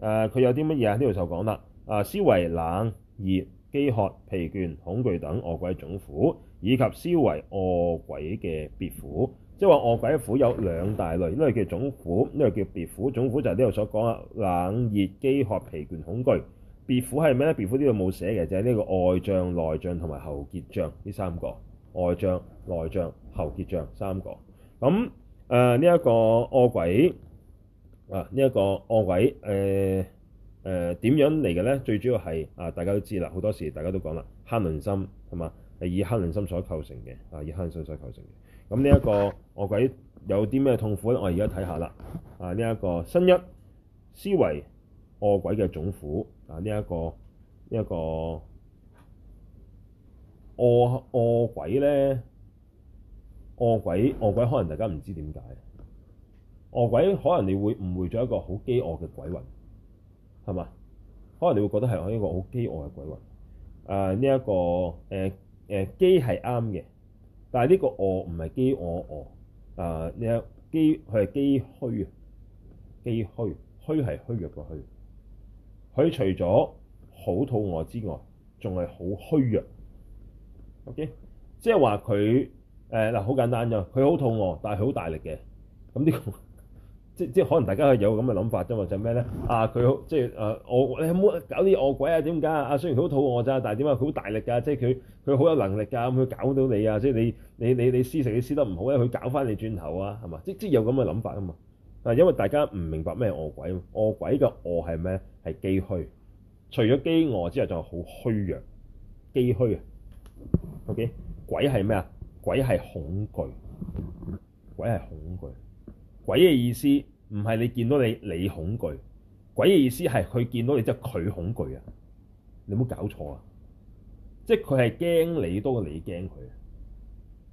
呃，佢有啲乜嘢？呢度就講啦，啊，思維冷熱、飢渴、疲倦、恐懼等餓鬼總苦，以及思維餓鬼嘅別苦，即係話餓鬼嘅苦有兩大類，呢個叫總苦，呢個叫別苦。總苦就係呢度所講啦，冷熱、飢渴、疲倦、恐懼。別苦係咩咧？別苦呢度冇寫嘅，就係、是、呢個外障、內障同埋喉結障呢三個，外障、內障、喉結障三個。三個咁誒呢一個惡鬼啊，這個惡鬼呃呃、呢一個惡鬼誒誒點樣嚟嘅咧？最主要係啊，大家都知啦，好多時大家都講啦，黑靈心係嘛，係以黑靈心所構成嘅啊，以黑靈心所構成嘅。咁呢一個惡鬼有啲咩痛苦咧？我而家睇下啦。啊，啊這個、呢一、啊這個新一思維惡鬼嘅總苦啊，這個這個、呢一個呢一個惡惡鬼咧。餓鬼餓鬼，鬼可能大家唔知點解餓鬼，可能你會誤會咗一個好飢餓嘅鬼魂，係嘛？可能你會覺得係一個好飢餓嘅鬼魂。誒呢一個誒誒飢係啱嘅，但係呢個餓唔係飢餓餓，誒呢飢，佢係飢虛啊，飢虛，虛係虛弱嘅虛。佢除咗好肚餓之外，仲係好虛弱。O.K.，即係話佢。誒嗱，好、呃、簡單啫。佢好肚餓，但係好大力嘅。咁呢個即即可能大家有咁嘅諗法啫嘛？就咩、是、咧？啊，佢即誒、啊，我你唔好搞啲餓鬼啊？點解啊？啊，雖然佢好肚餓咋，但係點解佢好大力㗎，即係佢佢好有能力㗎，咁佢搞到你啊！即係你你你你施食你施得唔好咧、啊，佢搞翻你轉頭啊，係嘛？即即有咁嘅諗法啊嘛。啊，因為大家唔明白咩餓鬼。餓鬼嘅餓係咩？係飢虛。除咗飢餓之外，仲係好虛弱、飢虛啊。OK，鬼係咩啊？鬼係恐懼，鬼係恐懼，鬼嘅意思唔係你見到你你恐懼，鬼嘅意思係佢見到你之後佢恐懼啊！你冇搞錯啊！即係佢係驚你多過你驚佢。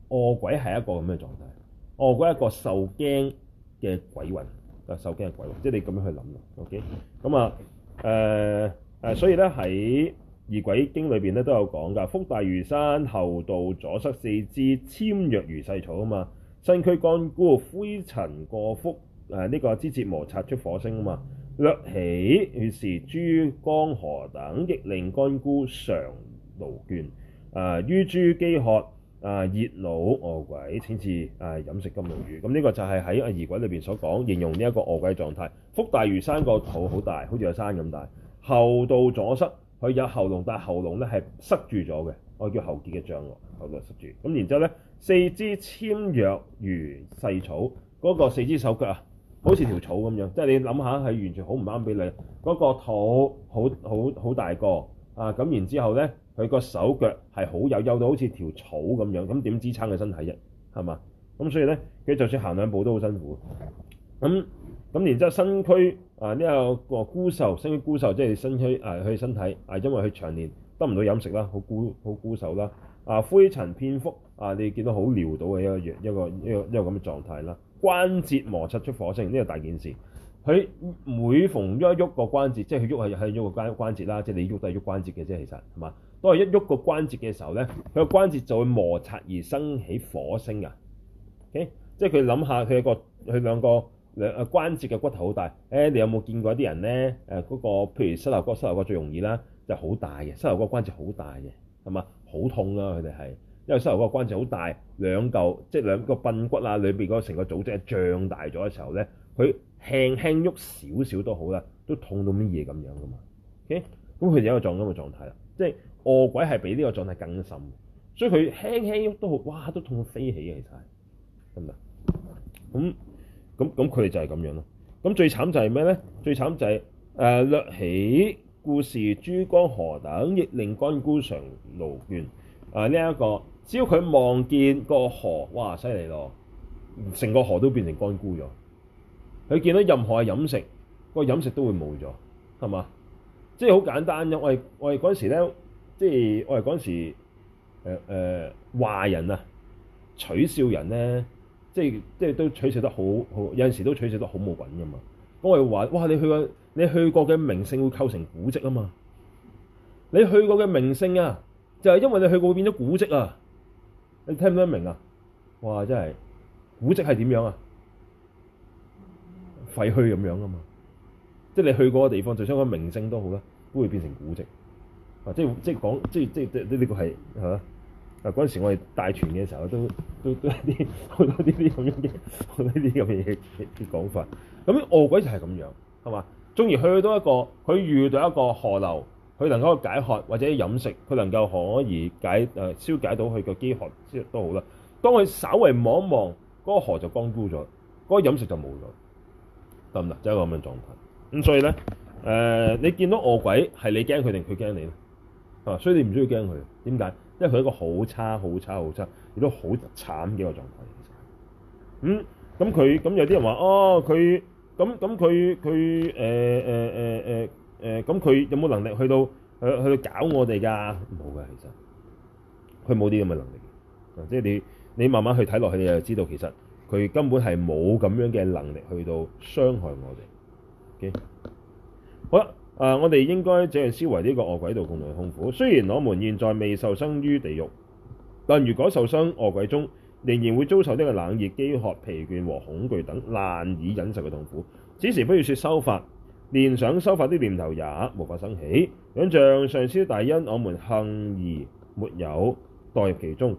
餓鬼係一個咁嘅狀態，餓鬼係一個受驚嘅鬼魂，個受驚嘅鬼魂，即係你咁樣去諗咯。OK，咁啊，誒誒，所以咧喺。《二鬼經》裏邊咧都有講噶，腹大如山，後道阻塞，四肢纖弱如細草啊嘛。身軀乾枯灰塵過腹，誒、啊、呢、這個支節摩擦出火星啊嘛。躍起於是珠江河等，亦令乾枯常勞倦。誒、啊、於珠飢渴，誒熱腦餓鬼，先至誒飲食金龍魚。咁、嗯、呢、這個就係喺《二鬼》裏邊所講，形容呢一個餓鬼狀態。腹大如山，個肚好大，好似有山咁大。後道阻塞。佢有喉嚨，但係喉嚨咧係塞住咗嘅，我叫喉結嘅障礙，喉嚨塞住。咁然之後咧，四肢纖弱如細草，嗰個四肢手腳啊，好似條草咁樣，即係你諗下係完全好唔啱俾你。嗰個肚好好好大個啊，咁然之後咧，佢個手腳係好幼，幼到好似條草咁樣，咁點支撐佢身體啫？係嘛？咁所以咧，佢就算行兩步都好辛苦。咁、嗯、咁然之後，身軀。啊！呢、這個枯瘦，身軀枯瘦，即係身軀誒佢身體，係、啊、因為佢長年得唔到飲食啦，好枯好枯瘦啦。啊！灰塵遍覆，啊！你見到好潦倒嘅一個樣，一個一個一個咁嘅狀態啦。關節摩擦出火星，呢個大件事。佢每逢一喐個關節，即係佢喐係喺喐個關關節啦，即係你喐都係喐關節嘅啫，其實係嘛？當係一喐個關節嘅時候咧，佢個關節就會摩擦而升起火星嘅。Okay? 即係佢諗下佢一個佢兩個。兩啊關節嘅骨頭好大，誒、欸、你有冇見過啲人咧？誒、呃、嗰、那個譬如膝頭骨，膝頭骨最容易啦，就好、是、大嘅膝頭骨關節好大嘅，係嘛？好痛啦、啊，佢哋係，因為膝頭骨關節好大，兩嚿即係兩個髕骨啊，裏邊嗰成個組織係脹大咗嘅時候咧，佢輕輕喐少少都好啦，都痛到乜嘢咁樣噶嘛？O.K.，咁佢就一個撞金嘅狀態啦，即係餓鬼係比呢個狀態更深，所以佢輕輕喐都好，哇都痛到飛起啊！其實，得唔得？咁。咁咁佢哋就係咁樣咯。咁最慘就係咩咧？最慘就係誒掠起故事珠江河等，亦令乾枯常勞倦。啊呢一個，只要佢望見個河，哇犀利咯！成個河都變成乾枯咗。佢見到任何嘅飲食，個飲食都會冇咗，係嘛？即係好簡單嘅。我哋我哋嗰陣時咧，即係我哋嗰陣時誒誒話人啊，取笑人咧。即係即係都取笑得好好，有陣時都取笑得好冇品噶嘛。我係話，哇！你去過，你去過嘅名勝會構成古蹟啊嘛。你去過嘅名勝啊，就係因為你去過會變咗古蹟啊。你聽唔聽得明啊？哇！真係古蹟係點樣啊？廢墟咁樣啊嘛。即係你去過嘅地方，就算個名勝都好啦，都會變成古蹟。啊！即係即係講，即係即係即係呢個係嚇。嗱，嗰陣時，我哋大全嘅時候，都都都係啲好多呢啲咁樣嘅好多啲咁嘅嘢嘅講法。咁餓、呃、鬼就係咁樣，係嘛？終於去到一個，佢遇到一個河流，佢能夠解渴或者飲食，佢能夠可以解誒、呃、消解到佢嘅飢渴，即係都好啦。當佢稍微望一望嗰、那個河就乾枯咗，嗰、那個飲食就冇咗，得唔得？就係咁嘅狀態。咁、嗯、所以咧，誒、呃、你見到餓、呃、鬼係你驚佢定佢驚你咧？啊，所以你唔需要驚佢，點解？因為佢係一個好差、好差、好差，亦都好慘嘅一個狀態。其實。嗯，咁佢咁有啲人話哦，佢咁咁佢佢誒誒誒誒誒，咁佢、欸欸欸欸嗯、有冇能力去到去去搞我哋㗎？冇㗎，其實佢冇啲咁嘅能力。即係你你慢慢去睇落去，你就知道其實佢根本係冇咁樣嘅能力去到傷害我哋。嘅、okay？好啦。啊！我哋應該這樣思維：呢個惡鬼道共同嘅痛苦。雖然我們現在未受生於地獄，但如果受生惡鬼中，仍然會遭受呢個冷熱、飢渴、疲倦和恐懼等難以忍受嘅痛苦。此時不要説修法，連想修法啲念頭也無法生起。想像上師大恩，我們幸而沒有墮入其中，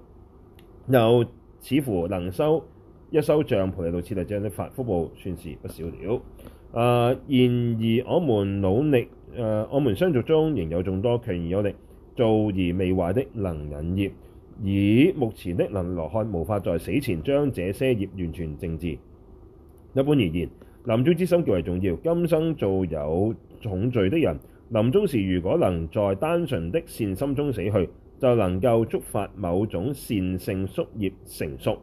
又似乎能修一修像菩提道次第這樣的法福報，算是不少了。啊！然、uh, 而，我們努力，誒、uh,，我們相續中仍有眾多強而有力、造而未壞的能引業，以目前的能力看，無法在死前將這些業完全淨治。一般而言，臨終之心極為重要。今生造有重罪的人，臨終時如果能在單純的善心中死去，就能夠觸發某種善性宿業成熟。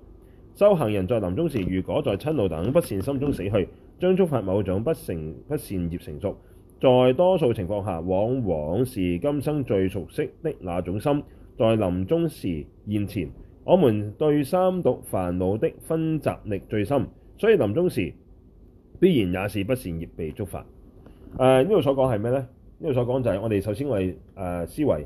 修行人在臨終時，如果在瞋怒等不善心中死去，將觸發某種不成不善業成熟，在多數情況下，往往是今生最熟悉的那種心，在臨終時現前。我們對三毒煩惱的分集力最深，所以臨終時必然也是不善業被觸發。誒、呃，呢度所講係咩呢？呢度所講就係我哋首先為誒、呃、思維誒、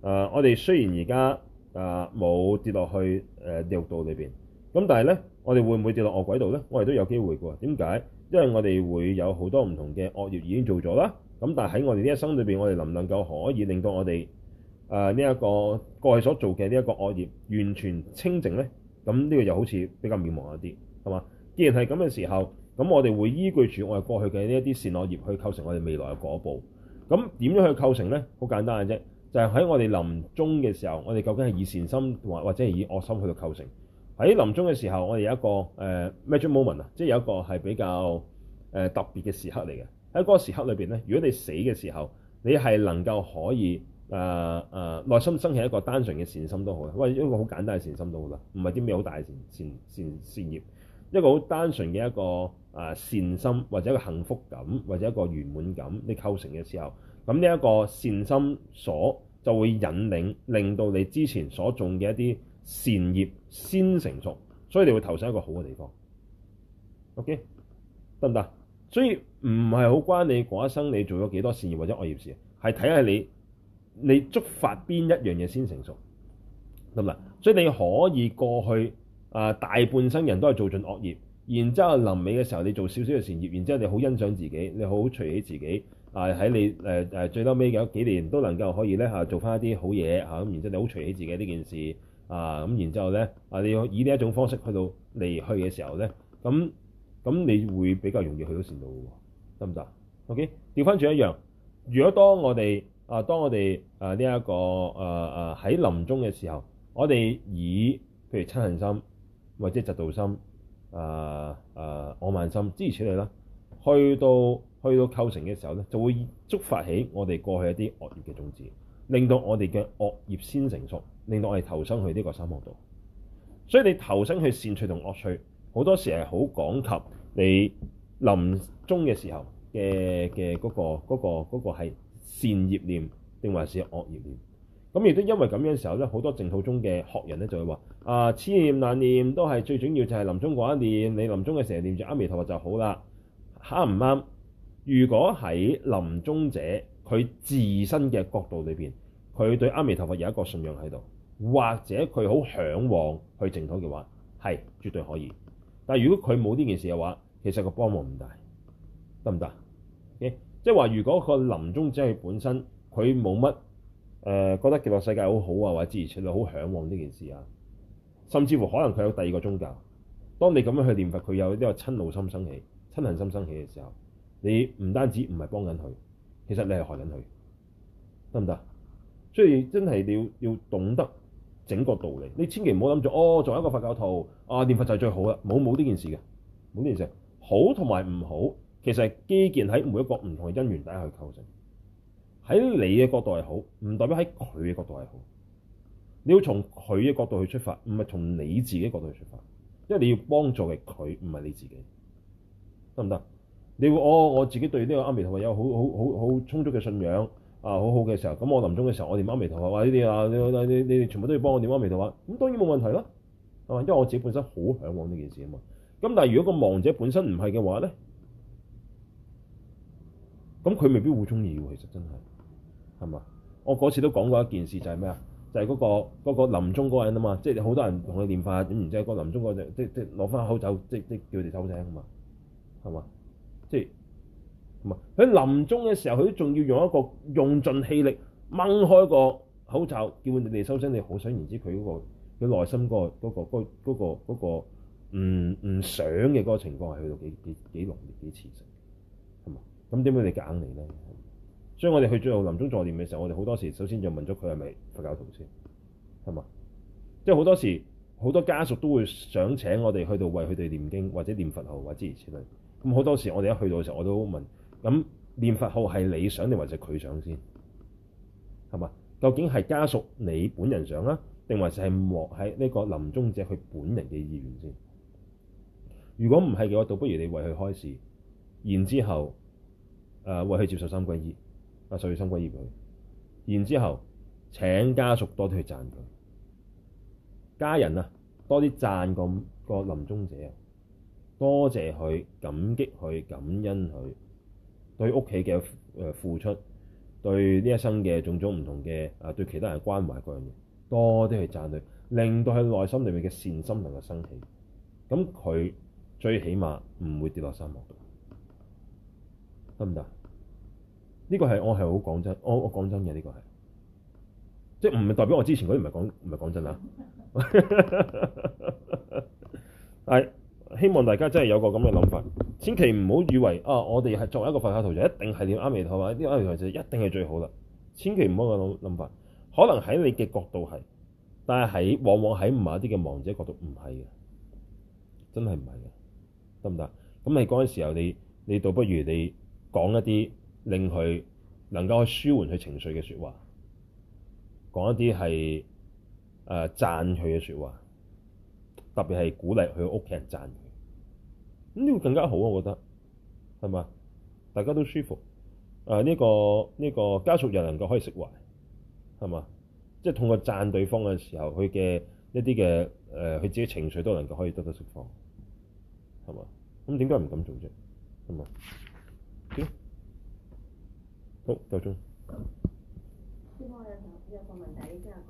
呃，我哋雖然而家誒冇跌落去誒、呃、地獄道裏邊。咁但係咧，我哋會唔會跌落惡鬼度咧？我哋都有機會嘅喎。點解？因為我哋會有好多唔同嘅惡業已經做咗啦。咁但係喺我哋呢一生裏邊，我哋能唔能夠可以令到我哋誒呢一個過去所做嘅呢一個惡業完全清淨咧？咁呢個又好似比較渺茫一啲係嘛？既然係咁嘅時候，咁我哋會依據住我哋過去嘅呢一啲善惡業去構成我哋未來嘅果報。咁點樣去構成咧？好簡單嘅啫，就係喺我哋臨終嘅時候，我哋究竟係以善心或或者係以惡心去到構成。喺臨終嘅時候，我哋有一個誒、呃、magic moment 啊，即係有一個係比較誒、呃、特別嘅時刻嚟嘅。喺嗰個時刻裏邊咧，如果你死嘅時候，你係能夠可以誒誒內心生起一個單純嘅善心都好，或者一個好簡單嘅善心都好啦，唔係啲咩好大嘅善善善善業，一個好單純嘅一個啊善心或者一個幸福感或者一個圓滿感，你構成嘅時候，咁呢一個善心所就會引領，令到你之前所種嘅一啲善業先成熟，所以你會投生一個好嘅地方。OK，得唔得？所以唔係好關你嗰一生你做咗幾多善業或者惡業事，係睇下你你觸發邊一樣嘢先成熟，得唔得？所以你可以過去啊、呃，大半生人都係做盡惡業，然之後臨尾嘅時候你做少少嘅善業，然之後你好欣賞自己，你好隨喜自己啊。喺你誒誒、呃、最嬲尾嘅嗰幾年都能夠可以咧嚇、啊、做翻一啲好嘢嚇，咁、啊、然之後你好隨喜自己呢件事。啊，咁然之後咧，啊你要以呢一種方式去到離去嘅時候咧，咁咁你會比較容易去到善道嘅喎，得唔得？OK，調翻轉一樣，如果當我哋啊，當我哋啊呢一個啊啊喺臨終嘅時候，我哋以，以譬如瞋恨心或者嫉妒心啊啊傲慢心支持你啦，去到去到構成嘅時候咧，就會觸發起我哋過去一啲惡業嘅種子。令到我哋嘅惡業先成熟，令到我哋投生去呢個三惡道。所以你投生去善趣同惡趣，好多時係好講及你臨終嘅時候嘅嘅嗰個嗰、那個係、那個、善業念定還是惡業念？咁亦都因為咁樣嘅時候咧，好多淨土宗嘅學人咧就會話：啊，千念難念都係最主要，就係臨終嗰一念，你臨終嘅時候念住阿彌陀佛就好啦。啱唔啱？如果喺臨終者。佢自身嘅角度裏邊，佢對阿彌陀佛有一個信仰喺度，或者佢好嚮往去淨土嘅話，係絕對可以。但係如果佢冇呢件事嘅話，其實個幫忙唔大，得唔得？Okay? 即係話如果個臨終者本身佢冇乜誒覺得極樂世界好好啊，或者之前出嚟好嚮往呢件事啊，甚至乎可能佢有第二個宗教。當你咁樣去念佛，佢有呢個瞋怒心生起、瞋恨心生起嘅時候，你唔單止唔係幫緊佢。其實你係害緊佢，得唔得？所以真係你要要懂得整個道理，你千祈唔好諗住哦，作為一個佛教徒啊，念佛就係最好啦，冇冇呢件事嘅，冇呢件事。好同埋唔好，其實係基建喺每一個唔同嘅因緣底下去構成，喺你嘅角度係好，唔代表喺佢嘅角度係好，你要從佢嘅角度去出發，唔係從你自己角度去出發，因為你要幫助嘅佢，唔係你自己，得唔得？你我我自己對呢個阿彌陀佛有好好好好充足嘅信仰啊，好好嘅時候，咁我臨終嘅時候，我念阿彌陀佛，話呢啲啊，你你你你哋全部都要幫我念阿彌陀佛，咁、嗯、當然冇問題啦，係嘛？因為我自己本身好向往呢件事啊嘛。咁但係如果個亡者本身唔係嘅話咧，咁佢未必會中意喎。其實真係係嘛？我嗰次都講過一件事，就係咩啊？就係、是、嗰、那個嗰個臨終嗰個人啊嘛，即係好多人同佢念佛，咁然之後個臨終嗰隻即即攞翻口酒，即、嗯、即，即，即，口即叫佢哋收聲啊嘛，係嘛？即係，係嘛，佢臨終嘅時候，佢都仲要用一個用盡氣力掹開個口罩，叫佢哋收聲。你好想唔知佢嗰、嗰個佢內心嗰、嗰個嗰、嗰個唔唔、嗰個嗰個、想嘅嗰個情況係去到幾幾幾濃烈幾磁性。係嘛？咁點解你夾硬嚟咧？所以我哋去做臨終助念嘅時候，我哋好多時首先就問咗佢係咪佛教徒先，係嘛？即係好多時好多家屬都會想請我哋去到為佢哋念經或者念佛號或者諸如此類。咁好多時，我哋一去到嘅時候，我都問：咁念佛號係你想定或者佢想先？係嘛？究竟係家屬你本人想啊，定還是係獲喺呢個臨終者佢本人嘅意願先？如果唔係嘅話，倒不如你為佢開示，然之後誒、呃、為佢接受三歸儀啊，授予三歸儀佢。然之後請家屬多啲去贊佢，家人啊多啲贊個個臨終者啊。多謝佢，感激佢，感恩佢，對屋企嘅誒付出，對呢一生嘅種種唔同嘅啊，對其他人關懷嗰樣嘢，多啲去讚佢，令到佢內心裡面嘅善心能夠升起，咁佢最起碼唔會跌落三惡道，得唔得？呢個係我係好講真，我我講真嘅呢個係，即係唔係代表我之前嗰啲唔係講唔係講真啊？係。 希望大家真係有個咁嘅諗法，千祈唔好以為啊，我哋係作為一個佛教徒，一定係念阿彌陀佛啊！呢啲阿彌陀佛就一定係最好啦，千祈唔好個諗諗法。可能喺你嘅角度係，但係喺往往喺唔係一啲嘅亡者角度唔係嘅，真係唔係嘅，得唔得？咁你嗰陣時候，你你倒不如你講一啲令佢能夠舒緩佢情緒嘅説話，講一啲係誒讚佢嘅説話。特別係鼓勵佢屋企人讚佢，咁、嗯、呢、呢個更加好，我覺得，係嘛？大家都舒服，誒、呃、呢、呢個呢、呢個家屬又能夠可以釋懷，係嘛？即係通過讚對方嘅時候，佢嘅一啲嘅誒，佢、呃、自己情緒都能夠可以得到釋放，係嘛？咁點解唔敢做啫？係嘛？好，夠鐘。先講一一個問題先。